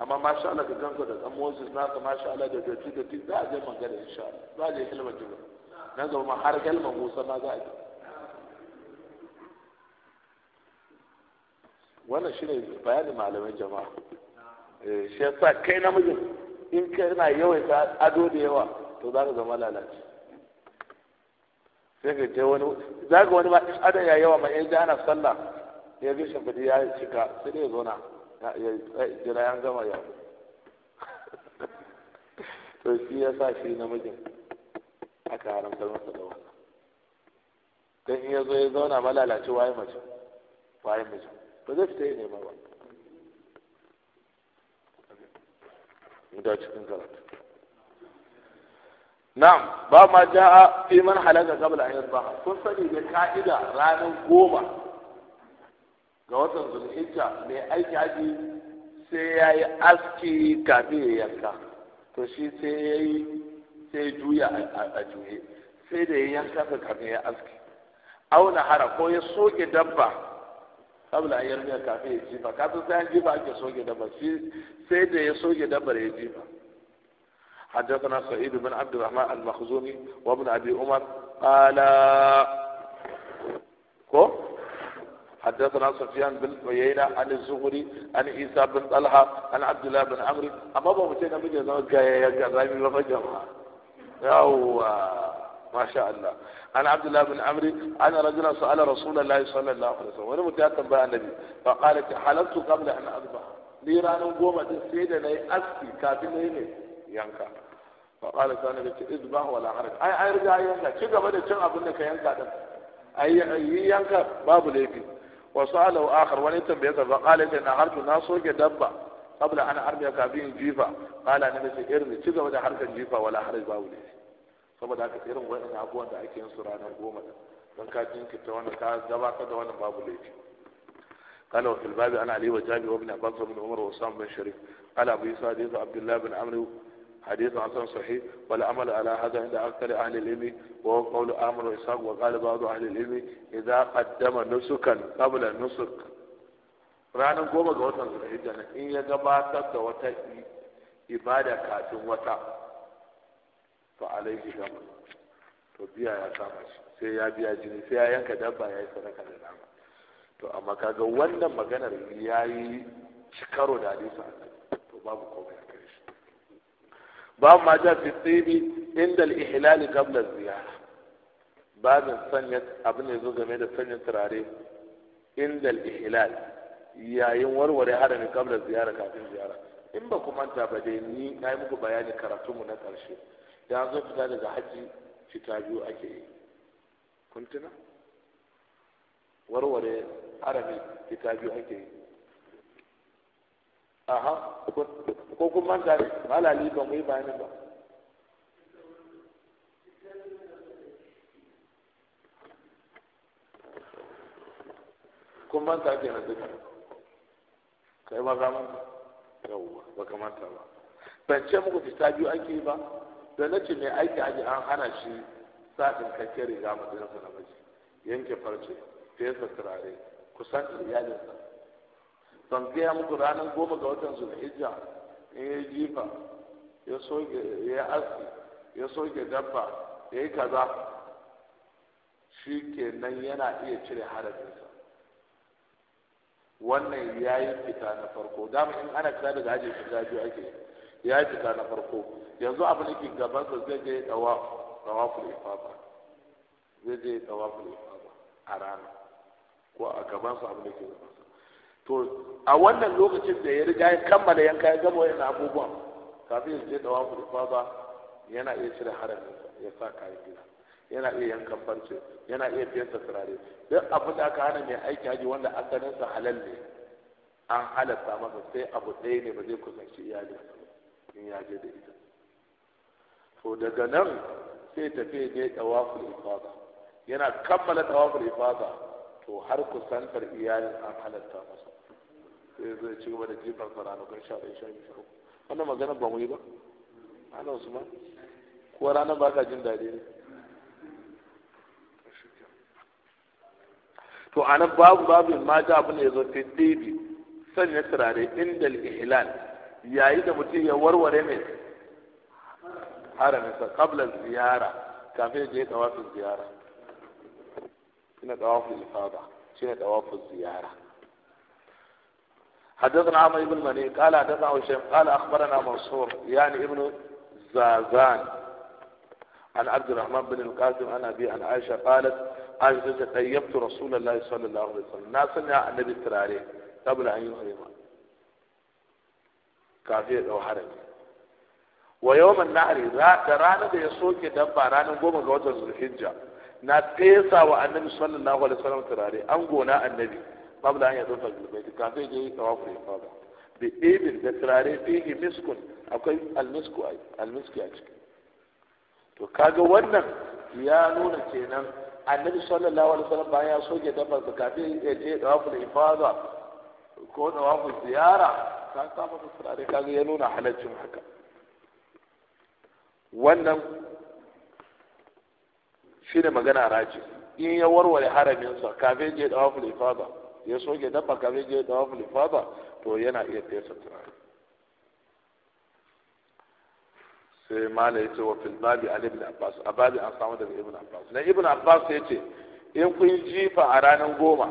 amma masha Allah da ganka da dan Moses na masha Allah da datti datti za a je magana insha Allah za a je kalmar jiba nan gaba ma har kalmar Musa ma za a je wannan shine bayanin malamai jama'a eh shi yasa kai namijin in kai na yawaita ado da yawa to za ka zama lalace sai ka je wani za ka wani ba in ya yawa ma in ana sallah ya ga shimfiɗi ya cika sai dai ya na ya jira ya gama ya to shi ya sa shi namijin aka haramtar masa da wannan dan in ya zo ya zauna ma lalace waye mace waye mace ba zai fita ya nema ba mu da cikin karatu na'am ba ma ja'a fi man halaka qabla an yasbaha kun sani da ka'ida ranar goma ga watan zulhijja mai aiki haji sai ya yi aski kafin ya yanka to shi sai juya a juye sai da ya yanka ka kafin ya aski auna hara ko ya soke dabba kabla an yarda kafin ya jifa kafin sai an jifa ake soke dabba sai da ya soke dabbar ya jifa حدثنا سعيد بن عبد الرحمن المخزومي وابن أبي عمر قال كو حدثنا سفيان بن عيينة عن الزهري عن عيسى بن طلحة عن عبد الله بن عمرو أما أبو متين أبو زمان جاي جاي يا ما شاء الله عن عبد الله بن عمرو أنا رجل سأل رسول الله صلى الله عليه وسلم وأنا متأتم بها النبي فقالت حلمت قبل أن أذبح لي رانا قومة السيدة لي أسكي كافي لي yanka fa qala sani da izbah wala haraj ai ai riga yanka ci gaba da cin abin da ka yanka din ai yi yanka babu laifi wa sa'alahu akhar wani tambaye sa fa qala ta na harju na soke dabba qabla an arbiya ka bin jifa qala na da irin ci gaba da harkan jifa wala haraj babu laifi saboda haka irin wa'annan abubuwan da ake yin su ranar goma don ka jinkirta wannan ka gabatar da wannan babu laifi قال وفي الباب عن علي وجابر وابن عباس بن عمر وسام بن شريف قال ابو يسعد عبد الله بن عمرو حديث حسن صحيح والعمل على هذا عند أكثر أهل العلم وهو قول آمر وإسحاق وقال بعض أهل العلم إذا قدم نسكا قبل النسك ranar goma ga watan zulhijja nan in ya gabatar da wata ibada kafin wata fa alaihi gama to biya ya sama shi sai ya biya jini sai ya yanka dabba ya yi sadaka da nama to amma kaga wannan maganar ya yi karo da hadisi to babu komai babu ma ja fi tsibi inda al-ihlal qabla ziyara babin sanya abin da yazo game da sanya turare inda al-ihlal yayin warware harami qabla ziyara kafin ziyara in ba ku manta ba dai ni na yi muku bayani karatu mu na karshe da zo fita daga haji fita ake yi kun warware harami fita ake yi aha ko kun manta ne malali ba mu yi bayanin ba kun manta ke na duka kai ma ka manta yawwa ba ka ba ban ce muku fita biyu ake yi ba da na ce mai aiki aji an hana shi sa kakke riga matsayinsa na mace yanke farce fesa turare kusantar iyalinsa ban gaya muku ranar goma ga watan zulhijja in ya jifa ya soke ya aski ya soke dabba ya yi kaza shi ke nan yana iya cire harafinsa wannan ya yi fita na farko dama in ana fita daga ajin shiga biyu ake ya yi fita na farko yanzu abu da ke gabansa zai je dawa dawa fulifaba zai je dawa fulifaba a rana ko a gabansa abu da ke gabansa to a wannan lokacin da ya riga ya kammala yanka ya gama wani abubuwan kafin ya je da wafu ba, yana iya cire haramin ya sa kayan gida yana iya yankan farce yana iya fesa turare duk abu da aka hana mai aiki haji wanda asalinsa halal ne an halatta masa sai abu ɗaya ne ba zai kusanci iyalinsa in ya je da ita to daga nan sai tafi ne tawaful ba, yana kammala tawaful ba, to har kusantar iyalin an halatta masa sai zai ci gaba da jifar sa ranakun sha ɗaya sha wannan magana ba mu yi ba ana ma ko ranar ba ka jin daɗi ne to a nan babu babin mata abin da ya zo fi ɗebi sanya turare indal ihlal yayi da mutum ya warware mai haramisa kablan ziyara kafin je tawafin ziyara ina tawafin ifada ne tawafin ziyara حدثنا عمرو بن مني قال حدثنا هشام قال اخبرنا منصور يعني ابن زازان عن عبد الرحمن بن القاسم عن ابي عن عائشه قالت عائشه طيبت رسول الله صلى الله عليه وسلم يا النبي ترى عليه قبل ان يحرم كافيه او حرم ويوم النحر رانا da ya soke رانا ranar goma ga watan zulhijja na fesa wa annabi sallallahu alaihi wasallam turare an qabla an yadurfa albayt kafin je tawafu ya bi ibn da da turare fihi miskun akwai almisku almiski a ciki to kaga wannan ya nuna kenan annabi sallallahu alaihi wasallam bayan ya soke dabbar da kafin ya je tawafu ifada ko tawafu ziyara ka sa masa turare kaga ya nuna halaccin haka wannan shi ne magana raji in ya warware haraminsa kafin je tawaful ifada ya soke dabba kafin je da wafi lifaba to yana iya fesa turare sai mala ya ce wa filbabi babi ibn abbas a babi an samu daga ibn abbas na ibn abbas ya ce in kun jifa a ranar goma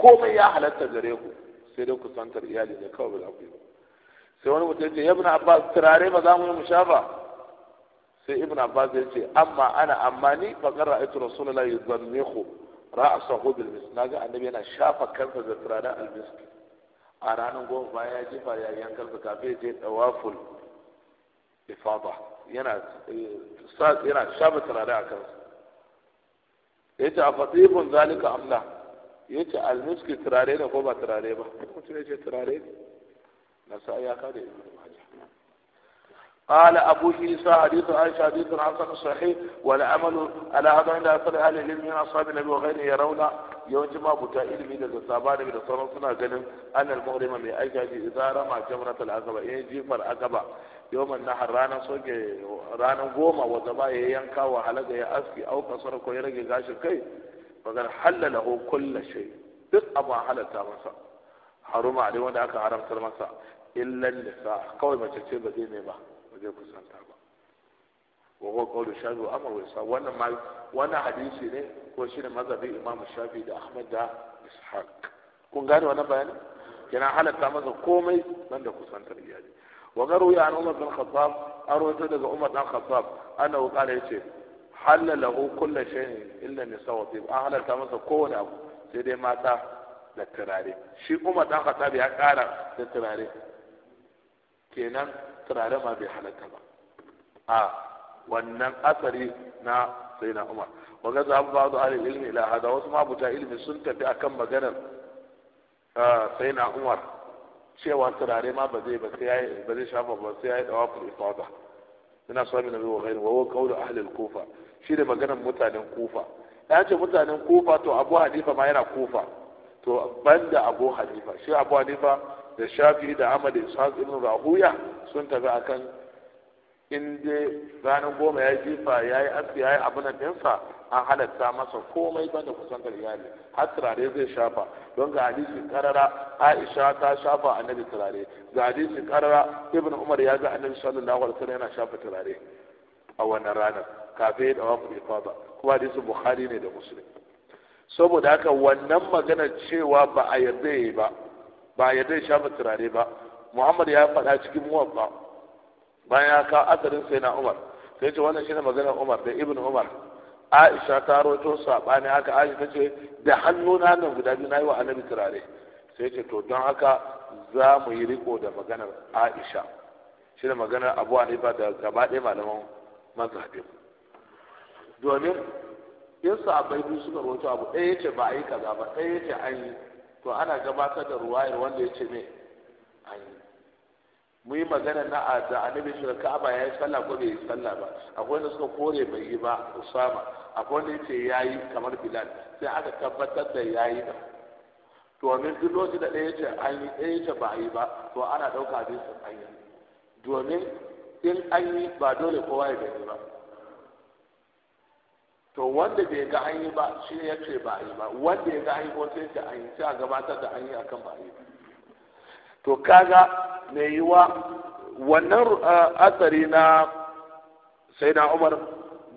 komai ya halatta gare ku sai dai kusantar iyali ne kawai ba ku yi sai wani mutum ya ce ibn abbas turare ba za mu yi mu ba sai ibn abbas ya ce amma ana amma ni fa qara'atu rasulullahi yudhammihu ra'asahu hudul misk naga annabi yana shafa kansa da turaren almisk a ranar goma bayan ya jefa ya yankar da kafe je tawaful ifada yana eh, yana shafa turare a kansa yace a fatibun zalika amla yace almiski turare ne ko ba turare ba mutum yace turare ne na sa ya kare ibnu majah قال أبو عيسى حديث عائشة حديث حسن صحيح والعمل على هذا عند أكثر أهل العلم من أصحاب النبي وغيره يرون yawanci mabuta ilimi da saba daga da sauran suna ganin annal muhrima mai aika shi idan rama jamratul akaba in jifar akaba yawman nahar ranar soke ranar goma wa zaba ya yanka wa halaga ya aski au kasar ko ya rage gashin kai bagar halala ho kulla shay duk abu halatta masa haruma alai wanda aka haramtar masa illan nisa kawai mace ce ba zai ne ba zai kusanta ba wa huwa qawlu shafi wa amr isa wannan ma wannan hadisi ne ko shi ne mazhabi imam shafi da ahmad da ishaq kun gane wannan bayanin yana halatta masa komai banda kusantar iyali wa garu ya an umar bin khattab arwato daga umar dan khattab annahu qala yace halla lahu kulla shay'in illa nisa wa tib an halatta masa kowane abu sai dai mata da turare shi umar dan khattab ya kara da turare kenan turare ma bai halatta ba a wannan asari na sai na umar waga za ba da alil ilmi ila hada wasu mabuta ilmi sun tafi akan maganar sai na umar cewa turare ma ba zai ba sai ba zai shafa ba sai yayi dawaful ifada ina so bi nabi wa ghairu wa huwa qawlu ahli al-kufa shi da maganar mutanen kufa ya ce mutanen kufa to abu hadifa ma yana kufa to banda abu hadifa shi abu hadifa. da shafi da Ahmad Ishaq ibn Rahuya sun tafi akan in dai ranar goma ya jifa ya yi aski ya yi abin ɗinsa an halatta masa komai ban da da iyali har turare zai shafa don ga hadisi karara aisha ta shafa annabi turare ga hadisi karara ibn umar ya ga annabi sallallahu alaihi wasallam yana shafa turare a wannan ranar kafin ya dawa kuɗi fada kuma hadisin bukhari ne da muslim saboda haka wannan magana cewa ba a yarda yi ba ba ya dai sha turare ba muhammad ya faɗa cikin muwabba bayan ya kawo asarin sai na umar sai ce wannan shine maganar umar da ibn umar aisha ta roto saɓani haka aisha ta ce da hannuna nan guda biyu na yi wa annabi turare sai ce to don haka za mu yi riko da maganar aisha shi da maganar abu hanifa da gaba ɗaya malaman mazhabin domin in sahabbai biyu suka roto abu ɗaya ya ce ba a yi kaza ba ɗaya ya ce an yi to ana gabatar da ruwayar wanda ya ce ne an yi mu yi magana na da annabi shi ba ya yi sallah ko bai yi sallah ba akwai wanda suka kore bai yi ba usama akwai wanda ya ce ya yi kamar bilal sai aka tabbatar da ya yi ba domin duk lokacin da ɗaya ce an yi ɗaya ce ba a yi ba to ana ɗauka abin sun an yi domin in an yi ba dole kowa ya gani ba to wanda bai ga an yi ba shi ne ya ce ba a yi ba wanda ya ga an yi ko sai ce an yi sai a gabatar da an yi a kan ba a yi ba to kaga mai yi wa. wannan asari na sai na umar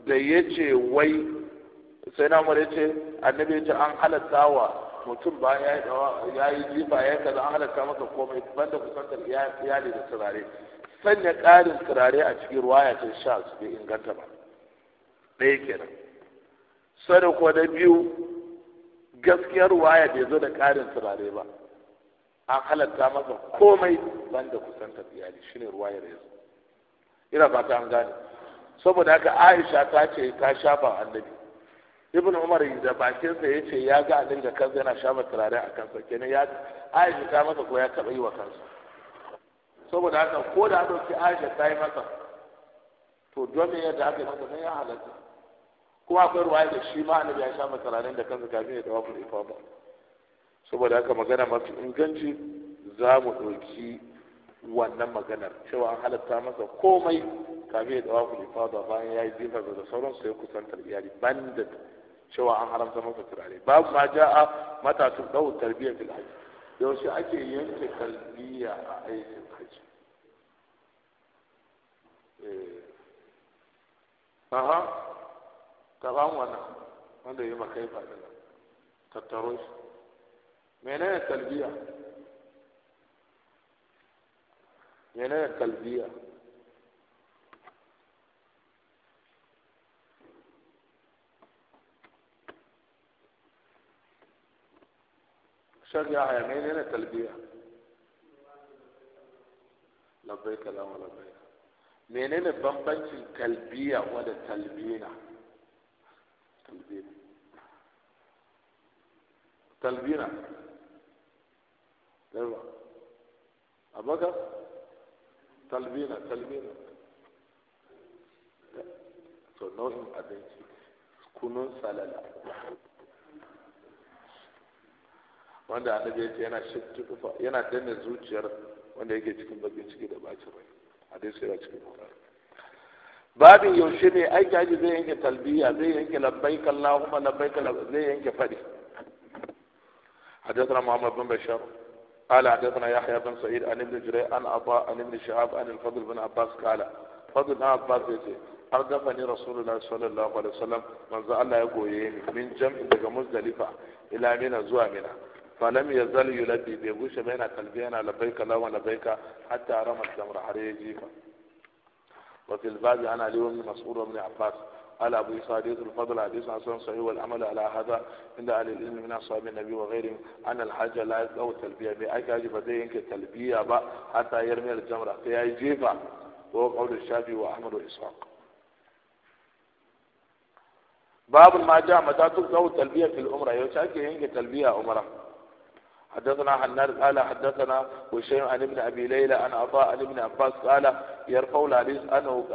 da ya ce wai sai na umar ya ce annabi ya ce an halatta wa mutum ba ya yi jifa ya kaza an halatta masa komai banda kusantar iyali da turare sanya ƙarin turare a cikin ruwa ya ce sha su bai inganta ba ɗaya kenan ko na biyu gaskiyar waya bai zo da ƙarin turare ba A halatta masa komai ban da kusan shi ne ruwa ya yanzu ina fata an gane saboda haka aisha ta ce ta shafa annabi ibn umar da bakinsa ya ce ya ga annabi da kansa yana shafa turare a kansa kenan ya aisha ta masa ko ya taɓa yi wa kansa saboda haka ko da ɗauki aisha ta yi masa to domin yadda aka yi masa ne ya halatta kuma akwai ruwaya da shi ma annabi ya sha ranar da kansa kafin ya dawo ku ba, saboda haka magana mafi inganci za mu ɗauki wannan maganar cewa an halatta masa komai kafin ya dawo ku ba, bayan ya yi zifarsa da sauran sai kusantar iyali banda cewa an haramta masa turare babu ma ja'a matasun ɗau tarbiyyar fil hajji yaushe ake yanke tarbiyya a aikin hajji eh. Aha. تفهم وانا وانا يما كيف هذا تتروش منين التلبية منين التلبية شجاع يا مين هنا تلبية لبيك لا ولا بيك منين بمبنش الكلبية ولا تلبينا Abaga? talbina yawa kunun wanda a ya ce yana shiftufa yana danne zuciyar wanda yake cikin bakin ciki da bacin rai a dai sai cikin bukari babin yaushe ne aiki haji zai yanke talbiya zai yanke labbaik Allahumma labbaik zai yanke fadi حدثنا محمد بن بشار قال حدثنا يحيى بن سعيد عن ابن جرير عن عطاء عن ابن شهاب عن الفضل بن عباس قال فضل بن عباس يتي أردفني رسول الله صلى الله عليه وسلم من زعل يقويني من جمع دقى مزدلفة إلى منى زوى منى فلم يزل يلبي بيغوش بين قلبي أنا لبيك اللهم لبيك حتى رمى الجمر حريه جيفا وفي الباب عن علي بن مسعود وابن عباس قال أبو صادق الفضل حديث حسن صحيح والعمل على هذا عند أهل العلم من أصحاب النبي وغيرهم أن الحج لا يدعو تلبية بأيك أجب دينك تلبية با حتى يرمي الجمرة في جيبة وهو قول الشافعي وأحمد وإسحاق باب ما جاء متى تدعو تلبية في الأمرة يوشاكي ينك تلبية أمرة حدثنا حناد قال حدثنا وشيء عن ابن ابي ليلى عن عطاء عن ابن عباس قال يرفع الحديث انه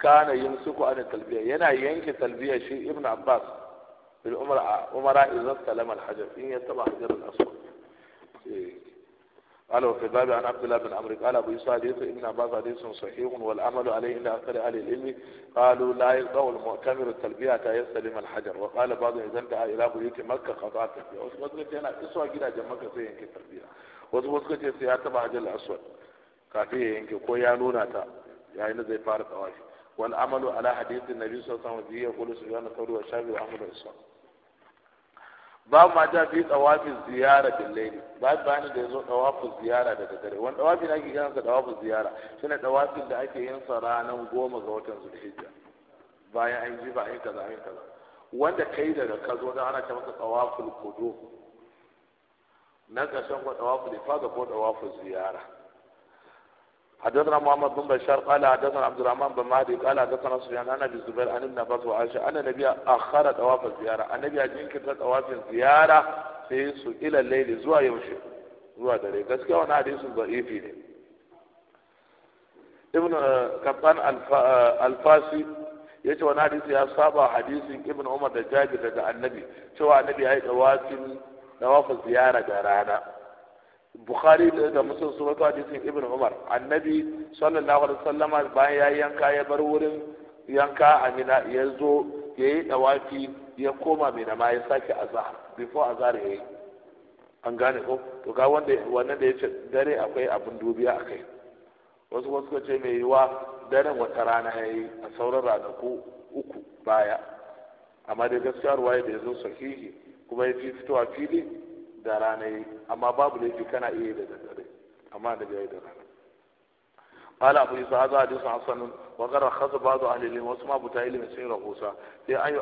كان يمسك عن التلبيه ينا ينك تلبيه شيء ابن عباس بالامراء امراء اذا استلم الحجر ان يتبع حجر الاسود قال وفي باب عن عبد الله بن عمرو قال ابو يوسف حديث ابن عباس حديث صحيح والعمل عليه عند اكثر اهل العلم قالوا لا يقطع المؤتمر التلبيه حتى يستلم الحجر وقال بعضهم اذا انتهى الى بيوت مكه قطع التلبيه wasu wasu kace yana isuwa gidajen maka sai yanke ya taba hajjal aswad kafin ya yanke ko ya nuna ta yayin da zai fara tsawashi wal amalu ala hadithin nabi sallallahu alaihi wasallam babu ma ta fi tsawafin ziyara bin laili babu bani da yazo tsawafin ziyara daga dare wani tsawafi da ake kiransa tsawafin ziyara shi ne tsawafin da ake yin sa ranar goma ga watan zulhijja bayan an ji ba an kaza an kaza wanda kai daga ka zo da ana ta masa tsawafin kudu na ƙarshen ko tsawafin ga ko tsawafin ziyara حدثنا محمد بن بشار قال حدثنا عبد الرحمن بن مهدي قال حدثنا سفيان عن ابي الزبير عن ابن عباس وعائشه ان النبي اخر طواف الزياره النبي اجنكر طواف الزياره في الى الليل زوا يمشي زوا دري بس كيف وانا حديث ضعيف ابن آه، كابتن آه، الفاسي يجي وانا حديث يا صاحب حديث ابن عمر الجاجر عن النبي شو النبي اي طواف طواف الزياره دارانا bukhari da muslim su rawaito hadisin ibn umar annabi sallallahu alaihi wasallama bayan ya yanka ya bar wurin yanka amina ya zo ya yi dawafi ya koma mina ma ya sake azhar before azhar ya yi an gane ko to ga wanda wannan da ya ce dare akwai abin dubiya a kai wasu wasu ce mai yiwa daren wata rana ya yi a sauran ranaku uku baya amma dai gaskiya ruwa da ya zo sahihi kuma ya fi fitowa fili da rana yi amma babu laifi kana iya da daddare amma da bai da rana قال أبو يوسف هذا حديث حسن وقد رخص بعض أهل العلم وسمع أبو تايل من سين رخوصة في أن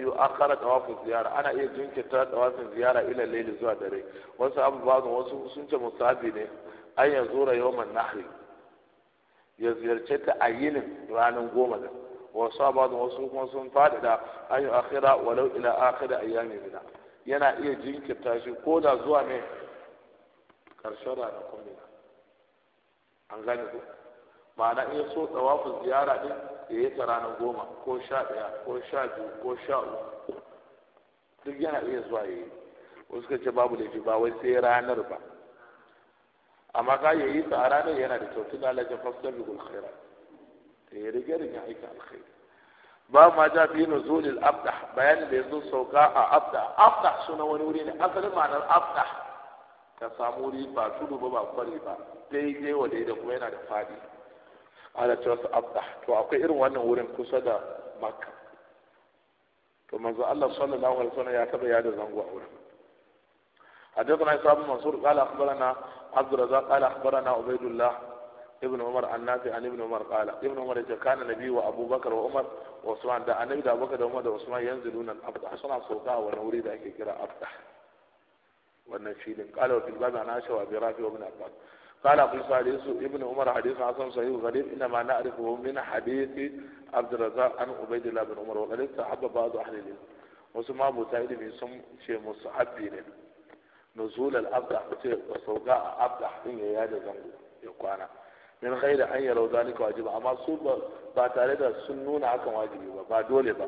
يؤخر طواف الزيارة أنا إيه جنك طواف الزيارة إلى الليل زوا دري وسأب بعض وسو سنت مصابين أن يزور يوم النحر يزيرت أيين رانا قومة وصاب بعض وسو كما سنفاد أن يؤخر ولو إلى آخر أيام منها yana iya jinkirta shi ko da zuwa ne ƙarshen ranakun mina an gane ku ma'ana iya so tsawafin ziyara ɗin ya yi ta ranar goma ko sha ɗaya ko sha biyu ko sha uku duk yana iya zuwa ya yi wasu suka ce babu laifi ba wai sai ranar ba amma ka ya yi ta a ranar yana da kyau tun da alajin fasar bigul khaira ta yi rige-rige aikin alkhairi ba ma ja fi nuzulil abda bayanin da yanzu sauka a abda abda suna wani wuri ne asalin ma'anar abda ka samu wuri ba tudu ba ba kwari ba daidai wa daidai kuma yana da fadi ala cewa su abda to akwai irin wannan wurin kusa da makka to manzo Allah sallallahu alaihi wasallam ya taba yada zango a wurin حدثنا إسحاق بن منصور قال أخبرنا عبد الرزاق قال أخبرنا عبيد الله ابن عمر النافع عن ابن عمر قال ابن عمر إذا كان النبي وأبو بكر وعمر وعثمان ده النبي أبو بكر وعمر وعثمان ينزلون الأبطح صنع صوتا ونوري ده كيكرا أبطح والنشيد قال وفي الباب عن عائشة وأبي رافع وابن عباس قال أبو صالح ابن عمر حديث حسن صحيح غريب إنما نعرفه من حديث عبد الرزاق عن عبيد الله بن عمر وقد استحب بعض أهل العلم وسمع أبو سعيد بن سم شيء مصحب نزول الأبطح وسوقاء أبطح إن يا زنجو يقوانا min ghairi an yarau zalika wajiba amma su ba tare da sun nuna hakan wajibi ba ba dole ba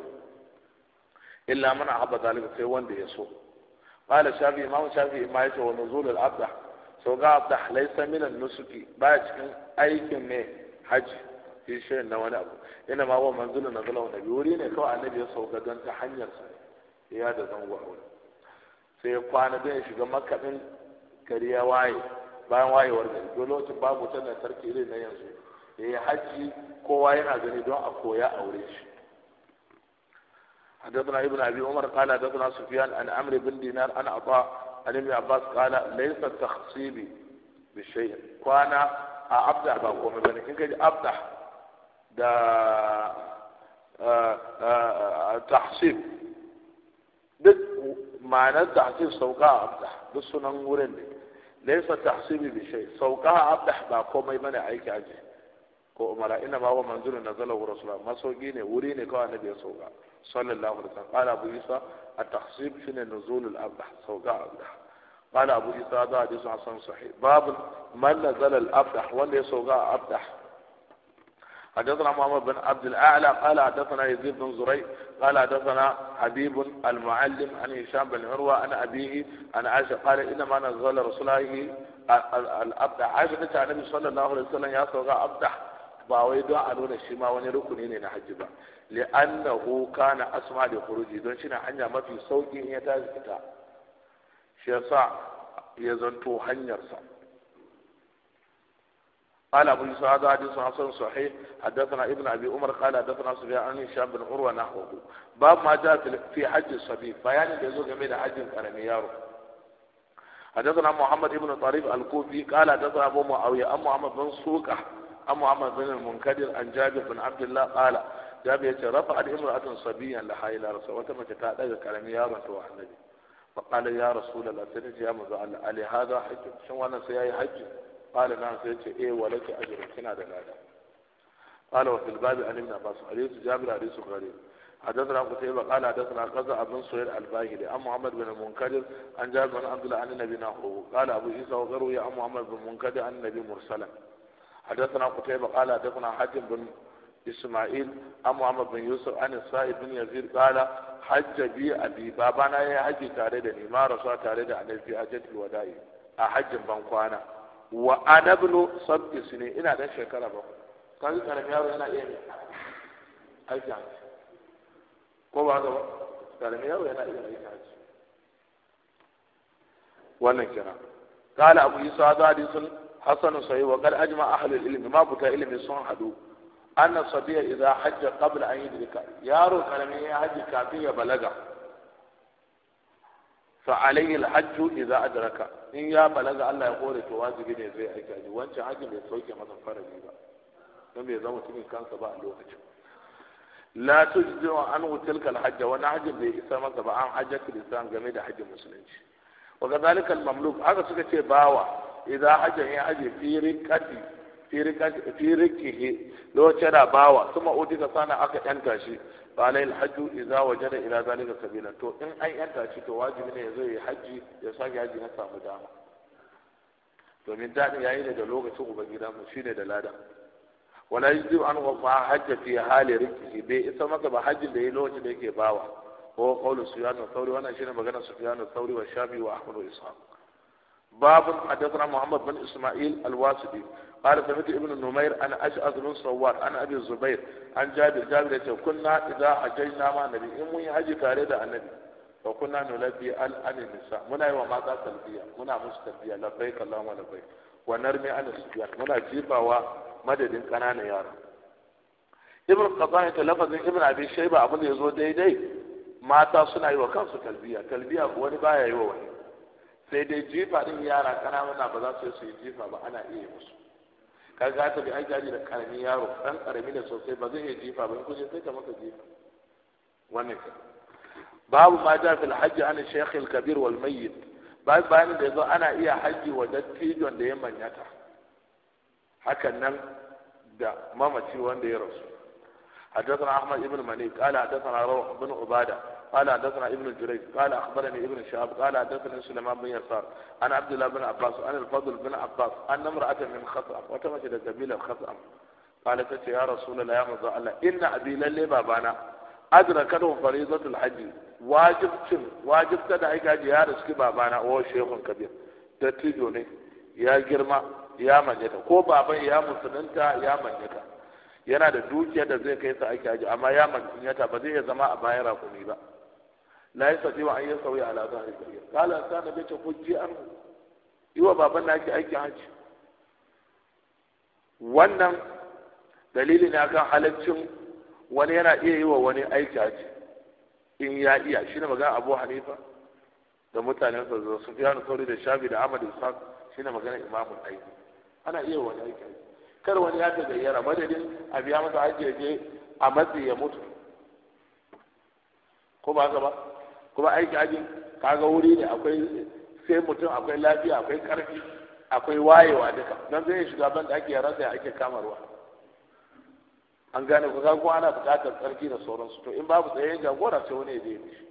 illa man ahabba zalika sai wanda ya so qala shafi imam shafi ma yace wa nuzul al abda so ga abda laysa min al nusuki ba cikin aikin ne haji shi shi na wani abu ina ma wa manzulun na zalawa nabi wuri ne kawai annabi ya sauka don ta hanyar sa ya da zango a wuri sai ya kwana don ya shiga makamin gari ya waye bayan wayewar gari don lokacin babu wutar lantarki irin na yanzu ya yi hajji kowa yana gani don a koya aure shi حدثنا ابن ابي عمر قال حدثنا سفيان عن عمرو بن دينار عن عطاء عن ابن عباس قال ليس التخصيب بالشيء وانا ابدع بقوم بني كنت ابدع ده tahsib duk ma'anar tahsib sauka a abda duk sunan wurin ne laysa tahsibi bi shay sauka abdah ba komai bane aiki aji ko umara ina ma wa wa rasul ma masoki ne wuri ne kawai annabi ya sauka sallallahu alaihi wasallam qala abu isa at-tahsib fi nuzul al-abdah sauka abdah isa da إسحاق hasan sahih bab man nazala al نزل wa ولا يسوق أبدح حدثنا محمد بن عبد الاعلى قال حدثنا يزيد بن زريق قال حدثنا حبيب المعلم عن هشام بن عروه عن ابيه عن عائشه قال انما نزل رسول الله الابدع عائشه قالت النبي صلى الله عليه وسلم يا صغى ابدع باويدو ادون شيما وني ركني ني لانه كان اسمع لخروجي دون شنا حنيا ما في سوقي هي شيخ تازكتا شيصا يزنتو حنيرسا قال أبو يوسف هذا حديث حسن صحيح حدثنا ابن أبي عمر قال حدثنا سفيان عن هشام بن عروة نحوه باب ما جاء في حج الصبي بيان بيزو جميل حج كرميارو حدثنا محمد بن طريف الكوفي قال حدثنا أبو معاوية أم محمد بن سوقة أم محمد بن المنكدر عن جابر بن عبد الله قال جابر رفع امرأة صبيا لها إلى رسول الله وتم تتعلق كرميارو النبي فقال يا رسول الله سنجي يا مزعل ألي هذا حج شو أنا سيأي حج qala na sai ce eh walaki ajrun kina da lada qala wa fil babi an ibn abbas hadith jabir hadith gharib حدثنا قتيبة قال حدثنا قزع بن سهيل الباهلي عن محمد بن المنكدر عن جابر بن عبد الله عن النبي نحوه قال أبو عيسى وغيره عن محمد بن المنكدر عن النبي مرسلا حدثنا قتيبة قال حدثنا حاتم بن إسماعيل عن محمد بن يوسف عن الصائب بن يزيد قال حج بي أبي بابانا يا حج تاريدني ما رسول تاريد عن في حجة الوداع أحج بنقوانا wa ana bulu sabti sini ina da shekara ba kan kan yaro yana iya aika ko ba ga kan yaro yana iya aika wannan kira qala abu isa hadithul hasan sahih wa qad ajma ahli ilm ma buta ilmi sun hadu anna sabiya idha hajja qabla an yudrika yaro kan ya hajji kafin ya balaga fa alayhi alhajju idza adraka in ya balaga Allah ya kore to wajibi ne zai aiki haji wancan haji bai sauke masa farali ba don bai zama cikin kansa ba a lokacin la tujzi an tilka alhajja wani hajjin bai isa masa ba an hajjatul islam game da hajjin musulunci wa kadhalika almamluk haka suka ce bawa idza hajja ya haji fi riqati fi riqati fi riqihi lokacin da bawa kuma udika sana aka yanta shi falai alhajju idza wajada ila zalika sabila to in an yanta shi to wajibi ne yazo yi haji ya sake haji na samu dama domin dadin yayi daga lokacin gida mu shine da lada wala yuzu an wafa hajja fi hali rikki bai isa maka ba hajjin da yayi lokacin da yake bawa ko qawlu suyanu sauri, wannan shine magana suyanu sauri wa shabi wa ahmadu isa. ishaq باب muhammad bin isma'il اسماعيل الواسطي قال سمعت ابن النمير انا اشعث بن صوار انا ابي الزبير عن جابر جابر يقول كنا اذا حججنا مع النبي ان mun haji tare da annabi fa kunna nulabbi al an nisa muna yi wa mata talbiya muna musu talbiya labbaik allahumma labbaik wa narmi an sibyan muna jibawa madadin kananan yara ibn qadan ta lafazin ibn Shaiba shayba abin da yazo daidai mata suna yi wa kansu talbiya talbiya wani baya yi wa wani sai dai jifa din yara kanana ba za su yi jifa ba ana iya musu ka ga ta bi aiki aji da karamin yaro dan karami da sosai ba zai iya jifa ba in kuje sai ka maka jifa wannan ke babu ma ja fil hajji an shaykh al kabir wal mayyit ba bayan da yazo ana iya haji wa dattijon da ya manyata hakan nan da mamaci wanda ya rasu حدثنا احمد بن منيك قال حدثنا روح بن عباده قال حدثنا ابن جريج قال اخبرني ابن شهاب قال حدثنا سليمان بن يسار انا عبد الله بن عباس انا الفضل بن عباس ان امراه من خطأ وتمشت قبيله خطأ قالت تتي يا رسول الله يا مزا الله ان ابي للي بابانا ادركته فريضه الحج واجب تم واجب تدا اي كاجي يا رسكي بابانا هو شيخ كبير dattijo ne ya girma ya manyata ko baban ya musulunta ya manyata yana da dukiya da zai kai sa ake aji amma ya manyata ba zai iya zama a bayan rakumi ba la yastati'u an yasawi ala dhahri kabir qala kana bi tafji an yiwa baban naki aiki haji wannan dalili ne akan halaccin wani yana iya yi wa wani aiki haji in ya iya Shi shine magana Abu Hanifa da mutanen sa da Sufyan Thawri da Shafi da Amadu, Ahmad shi shine magana Imam Aiki ana iya wani aiki haji kar wani ya tagayyara madadin a biya masa haji a matsi ya mutu ko ba haka ba kuma aiki hajji kaga wuri ne akwai sai mutum akwai lafiya akwai karfi akwai wayewa duka don zai shiga ban da ake rasa ya ake kamarwa an gane ku ko ana buƙatar tsarki da sauransu to in babu tsaye jagora sai wani ya je mishi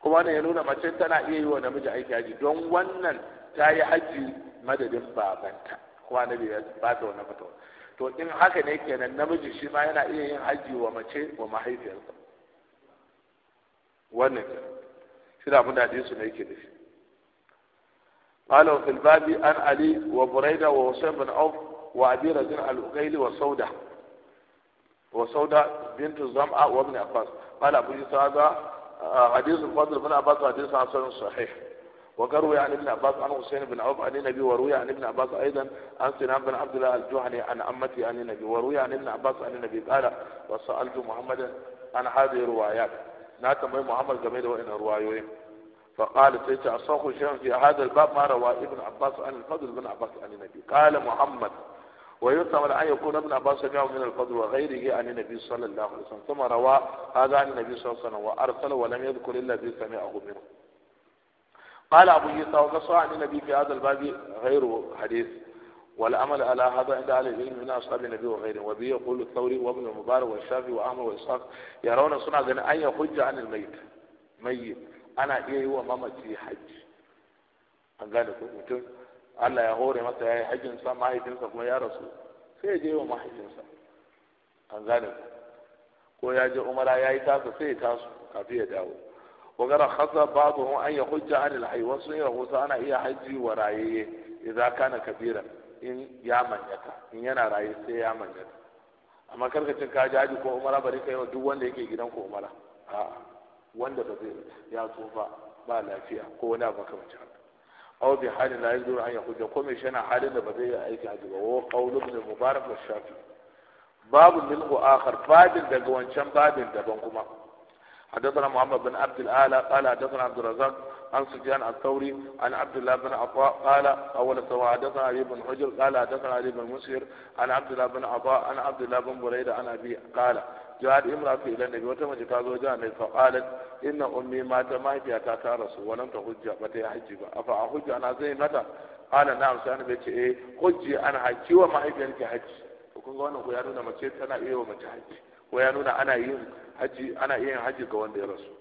kuma ne ya nuna mace tana iya yi wa namiji aiki haji don wannan ta yi haji madadin babanta kuma na biyar ba ta wannan fatawa to in haka ne kenan namiji shi ma yana iya yin haji wa mace wa mahaifiyarsa wannan shi abin da hadisu ne yake الباب عن علي وبريدة ووسيم بن عوف وأبي رزين الأغيل وسودة وسودة بنت الزمعة وابن عباس قال أبو يوسف هذا حديث الفضل بن عباس حديث حسن صحيح وروي عن ابن عباس عن حسين بن عوف عن النبي وروي عن ابن عباس أيضا عن سنان بن عبد الله الجهني عن عمتي عن النبي وروي عن ابن عباس عن النبي قال وسألت محمدا عن هذه الروايات ناتا مي محمد جميل وإن wa'annan فقال سيت أصوخ الشيخ في هذا الباب ما روى ابن عباس عن الفضل بن عباس عن النبي قال محمد ويحتمل أن يكون ابن عباس جاء من الفضل وغيره عن النبي صلى الله عليه وسلم ثم روى هذا عن النبي صلى الله عليه وسلم وأرسل ولم يذكر إلا الذي سمعه منه قال أبو يسا وقصى عن النبي في هذا الباب غير حديث والعمل على هذا عند اهل العلم من اصحاب النبي وغيره وبه يقول الثوري وابن المبارك والشافعي واحمد واسحاق يرون صنع ان يحج عن الميت ميت انا ايه هو ماما في حج قال لك قال يا غوري مثلا يا حج انسان ما يتنسف يا رسول سي جي هو ما حج انسان قال لك هو يا جي عمر يا ايتاس في تاس كافيه داو وقال خطا بعضهم ان يحج عن الحي وصنع انا هي حجي ورايي اذا كان كبيرا in ya manyata in yana raye sai ya manyata amma cin ka jaji ko umara bari kai duk wanda yake gidan ko umara a wanda ba zai ya tsufa ba lafiya ko wani abu ci haka aw bi halin la yajdu an yahuja ko mai shana halin da ba zai yi aiki haji ba wa qawl ibn mubarak wa shafi babu minhu akhar babin daga wancan babin daban kuma حدثنا محمد بن عبد ala, قال حدثنا عبد الرزاق عن سفيان الثوري عن عبد الله بن عطاء قال أول سواء حدثنا علي بن حجر قال حدثنا علي بن مسهر عن عبد الله بن عطاء عن عبد الله بن بريدة عن أبي قال جاءت امرأة إلى النبي وتمت تازو جاني فقالت إن أمي مات ما هي تاتا رسول ولم تحج متى يحج أفأحج أنا زي متى قال نعم سأنا بيت إيه حجي أنا حجي وما هي بينك حج kun ga wannan ko ya nuna mace tana iya wa mace haji ko ya nuna ana yin haji ana iya yin haji ga wanda ya rasu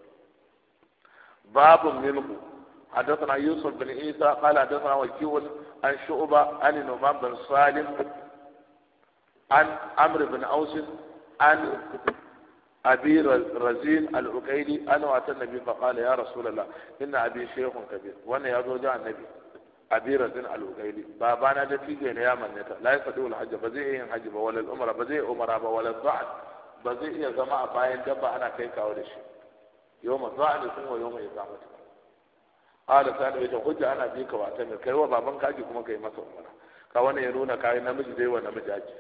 باب منه حدثنا يوسف بن عيسى قال حدثنا وكيع عن شعبة عن نعمان بن سالم عن عمرو بن أوس عن أبي رزين العقيلي أنا أتى النبي فقال يا رسول الله إن أبي شيخ كبير وأنا يزوج النبي أبي رزين العقيلي بابانا ده في جنة يا من لا يستطيع الحج بزيء حج ولا الأمر بزيء أمر ولا الضعف بزيء يا جماعة باين دبا أنا كيك أول شيء يوم الظالم wa yawma iqamatikum قال sani بيت ta hujja ana bika ka wata بابن كاجي baban kaji kuma kai masa umara ka wannan ya nuna kai namiji zai wa namiji aji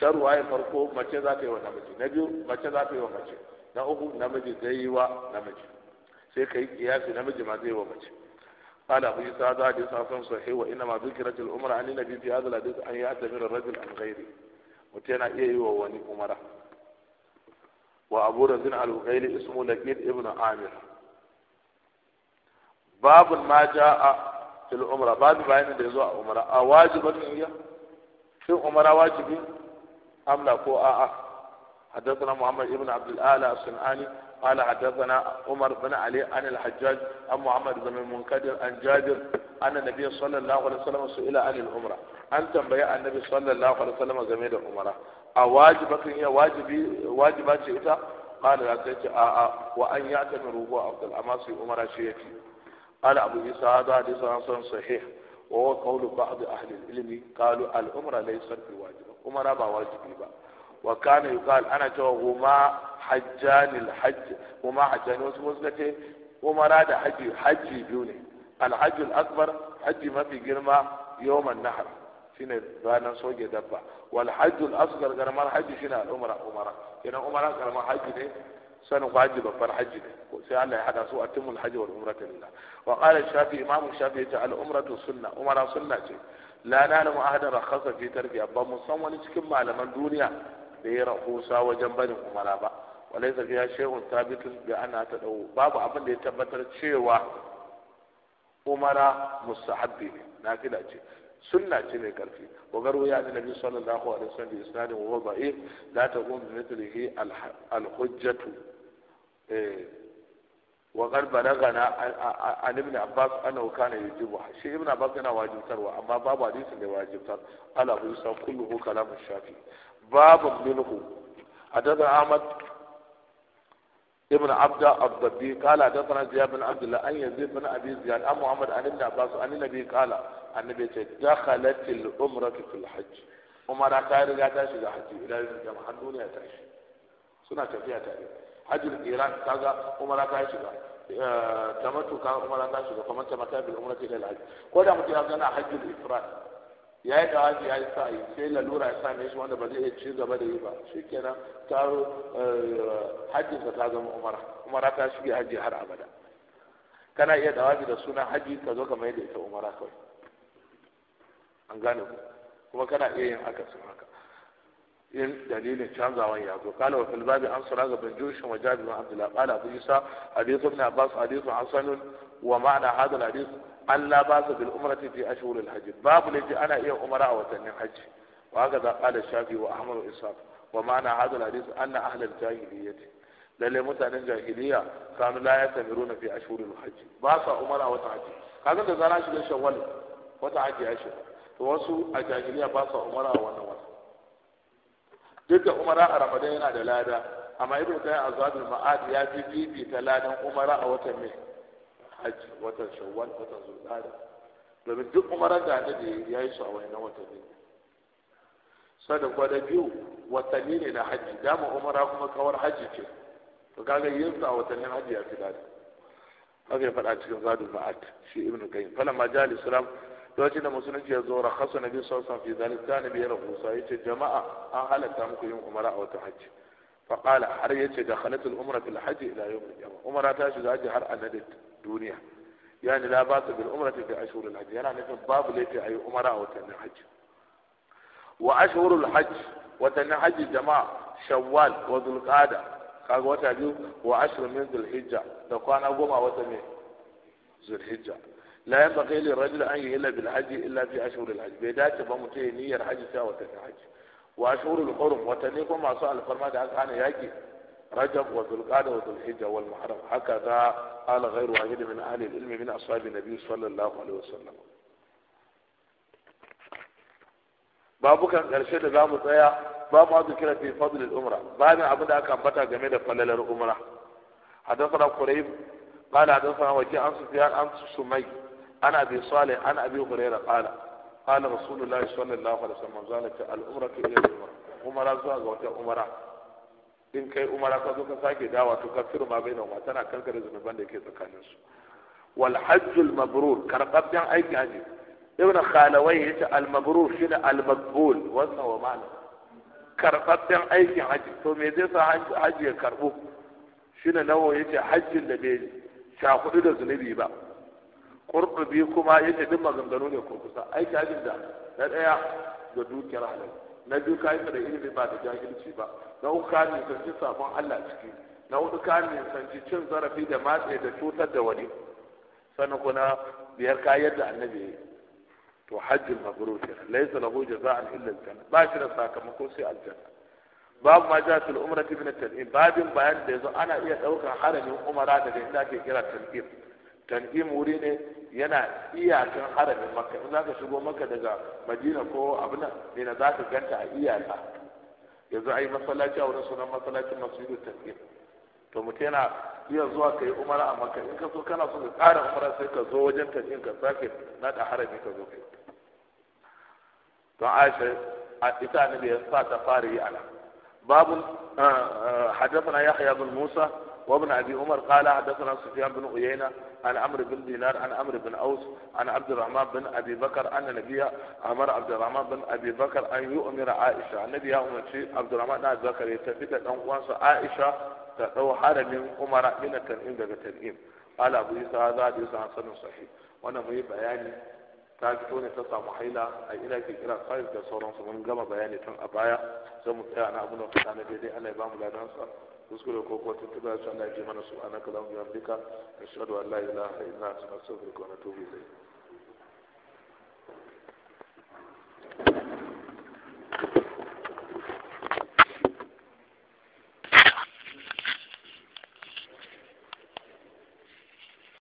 sharuwa ya farko mace za ta yi wa namiji na biyu mace za ta yi wa mace na uku namiji zai yi wa namiji sai ka yi kiyasi namiji ma zai wa mace قال أبو يسعى هذا حديث حسن صحيح وإنما ذكرت الأمر عن النبي في هذا الحديث أن يعتمر الرجل عن غيره وتنا إيه ووني أمره وأبو رزين الوغيري اسمه لكيد ابن عامر باب ما جاء في العمرة بعد بعين اللي يزوء عمرة أواجب هي في عمرة واجب أم لا كو آه. حدثنا محمد بن عبد الأعلى الصنعاني قال حدثنا عمر بن علي عن الحجاج عن محمد بن المنكدر عن جابر أن النبي صلى الله عليه وسلم سئل عن العمرة أن تنبيا النبي صلى الله عليه وسلم زميل العمرة a wajiba kan iya wajibi wajiba ce ita qala la sai ce a'a wa an ya'tami ruhu afdal amma sai umara shi yafi qala abu isa hada hadith hasan sahih wa huwa qawlu ba'd ahli al-ilmi qalu al-umra laysat bi wajiba umara ba wajibi ba wa kana yuqal ana cewa huma hajjan al-hajj huma hajjan wasu wasu kace umara da haji haji biyu ne al-hajj al-akbar haji mafi girma yawman nahar shine ranar soge dabba wal hajjul asghar karamar hajji shine al umra umra kenan umra karamar hajji ne sanin hajji babbar hajji ne sai Allah ya hada su atimul hajji wal umrata lillah wa qala shafi imam shafi ta al umratu sunna umra sunna ce la nalamu ahadan rakhasa fi tarbiya ba musamman cikin malaman duniya da ya rahusa wajen barin umara ba ya fiha shay'un da ana ta tadau babu abin da ya tabbatar cewa umara mustahabbi ne na nafila ce sunna ce mai karfi wa garu ya da nabi sallallahu alaihi wasallam bi isnadin wa da'if la taqum bi mithlihi al hujjatu eh, wa qad balagana an ibn abbas annahu kana yujibu shi ibn abbas yana wajibtarwa amma babu hadisin da wajibtar ala husa kulluhu kalam shafi babu minhu حدثنا أحمد ابن عبد الضبي قال حدثنا زياد بن عبد الله ان يزيد بن ابي زياد عن محمد عن ابن عباس عن النبي قال النبي دخلت العمره في الحج عمر قال لا تاشي الحج الى الجمع الدنيا تاشي سنة تفيا تاشي حج الايران كذا عمر قال شجع تمتع عمر قال شجع فمن تمتع بالعمره الى الحج قال يا متي حج الافراد ya yi da wajibi ya yi sa yi sai lalura ya same shi wanda ba zai iya ci gaba da yi ba shi kenan ta eh, hajjinsa ta zama umara umara ta shige hajji har abada kana iya da da sunan hajji ka zo ka mai ita umara kawai an gane ku kuma kana iya yin akasin haka in dalilin canzawan ya zo kala wa fil an sura ga ban jushin wa jabir bin abdullah qala abu isa hadithu na basu hadithu hasanun wa ma'ana hadha hadith Allah ba su bil umrati fi ashhuril hajj babu laji ana iya umara a watannin hajji wa haka za qala shafi wa ahmad ishaq wa ma'ana hadha al hadith anna ahli al jahiliyyah lalle mutanen jahiliya kanu la yatamiruna fi ashhuril hajj ba sa umara a wata hajji kaga da zara shi da shawwal wata hajji ya shiga to wasu a jahiliya ba sa umara a wannan wata duk da umara a ramadan yana da lada amma ibnu tayyib azabul ma'ad ya fi fifita ladan umara a watan mai hajji watan shawwal watan zulqa'ada domin duk umaran da annabi ya yi su a wannan watanni sadan gwada biyu watanni ne na hajji dama umara kuma kawar hajji ce to kaga yin sa a watannin hajji ya fi dadi haka ya faɗa cikin zadul ma'ad shi ibnu qayyim ma jali islam lokacin da musulunci ya zo rakhasu nabi sallallahu alaihi wasallam fi zalika nabi rahusa yace jama'a an halatta muku yin umara a watan hajji fa qala har yace dakhalat al umra fil hajji ila yawm al qiyamah umara ta shiga hajji har anadat duniya ya ni la basu bil umrati fi ashhuril hajj yana nufin babu laifi ayi umara a watannin hajji wa ashhurul hajj watannin hajji jama shawwal wa zulqa'da kaga wata biyu wa ashru min zulhijja da kwana goma wata ne zulhijja la yanbaghi lil rajuli an yuhilla bil hajji illa fi ashhuril hajj bai dace ba mutum ya niyyar hajji ta watannin hajji wa ashhurul hurum watanni kuma masu alfarma da aka hana yaki رجب وذلقاد وذلحجة والمحرم هكذا قال غير واحد من أهل العلم من أصحاب النبي صلى الله عليه وسلم babu kan ƙarshe da za mu tsaya babu azu kira fi fadl al-umra babu abin da aka ambata game da falalar umra hadathana qurayb qala hadathana waji an sufyan an sumay an abi salih an abi hurairah qala qala rasulullahi sallallahu alaihi wasallam zalika al-umra ila al-umra umra zuwa ga wata umra in kai umara ka zo ka sake dawa to ka ma bai ma tana kankare zunuban da ke tsakanin su wal hajjul mabrur karbabben aiki haji ibn khalawai yace al mabrur da al maqbul wannan wa ma'ana karbabben aiki haji to me zai sa haji ya shi shine nawo yace hajjin da bai sha hudu da zunubi ba qurtubi kuma yace duk maganganu ne ko kusa. aiki hajin da na daya ga dukiyar halal na biyu kayi da ilimi ba da jahilci ba na uku ka nisanci sabon Allah ciki na hudu ka nisanci cin zarafi da matse da cutar da wani sani kuna biyar ka yadda annabi ya to hajjin mabrur kenan laysa lahu jaza'an illa aljanna ba shi da sakamako sai aljanna babu ma ja fil umrati min at-tan'im babin bayan da yazo ana iya daukar haramin umara daga inda ake kira tan'im tan'im wuri ne yana iyakan haramin makka in zaka shigo makka daga madina ko abin ne na zaka ganta a iyaka yanzu ai masallaci a wurin sunan masallacin masjidu tafiya to mutum yana iya zuwa ka yi umara a maka in ka so kana so ka ƙara umara sai ka zo wajen tafiya ka sake na da harami ka zo kai don aisha a ita ne da ya sa ta fara yi ala? babu eh, eh, hadafana ya بن Musa. وابن أبي عمر قال حدثنا سفيان بن عيينة عن عمرو بن دينار عن عمرو بن أوس عن عبد الرحمن بن أبي بكر أن النبي أمر عبد الرحمن بن أبي بكر أن يؤمر عائشة النبي أمر عبد الرحمن بن أبي بكر يتفيد أن عائشة تدعو حرم أمر من التنعيم دقى التنعيم قال أبو عيسى هذا حديث حسن صحيح وأنا مهي بياني ta fito ne ta samu haila a ina ke kira sayar da sauransu mun gama bayani tun a baya sai mu tsaya na abin da na daidai Allah ya bamu ladansa kuskure ko kuwa tuntuɓa sannan ya ji mana su a na ya biyar duka ashadu an la ilaha illa anta na wa atubu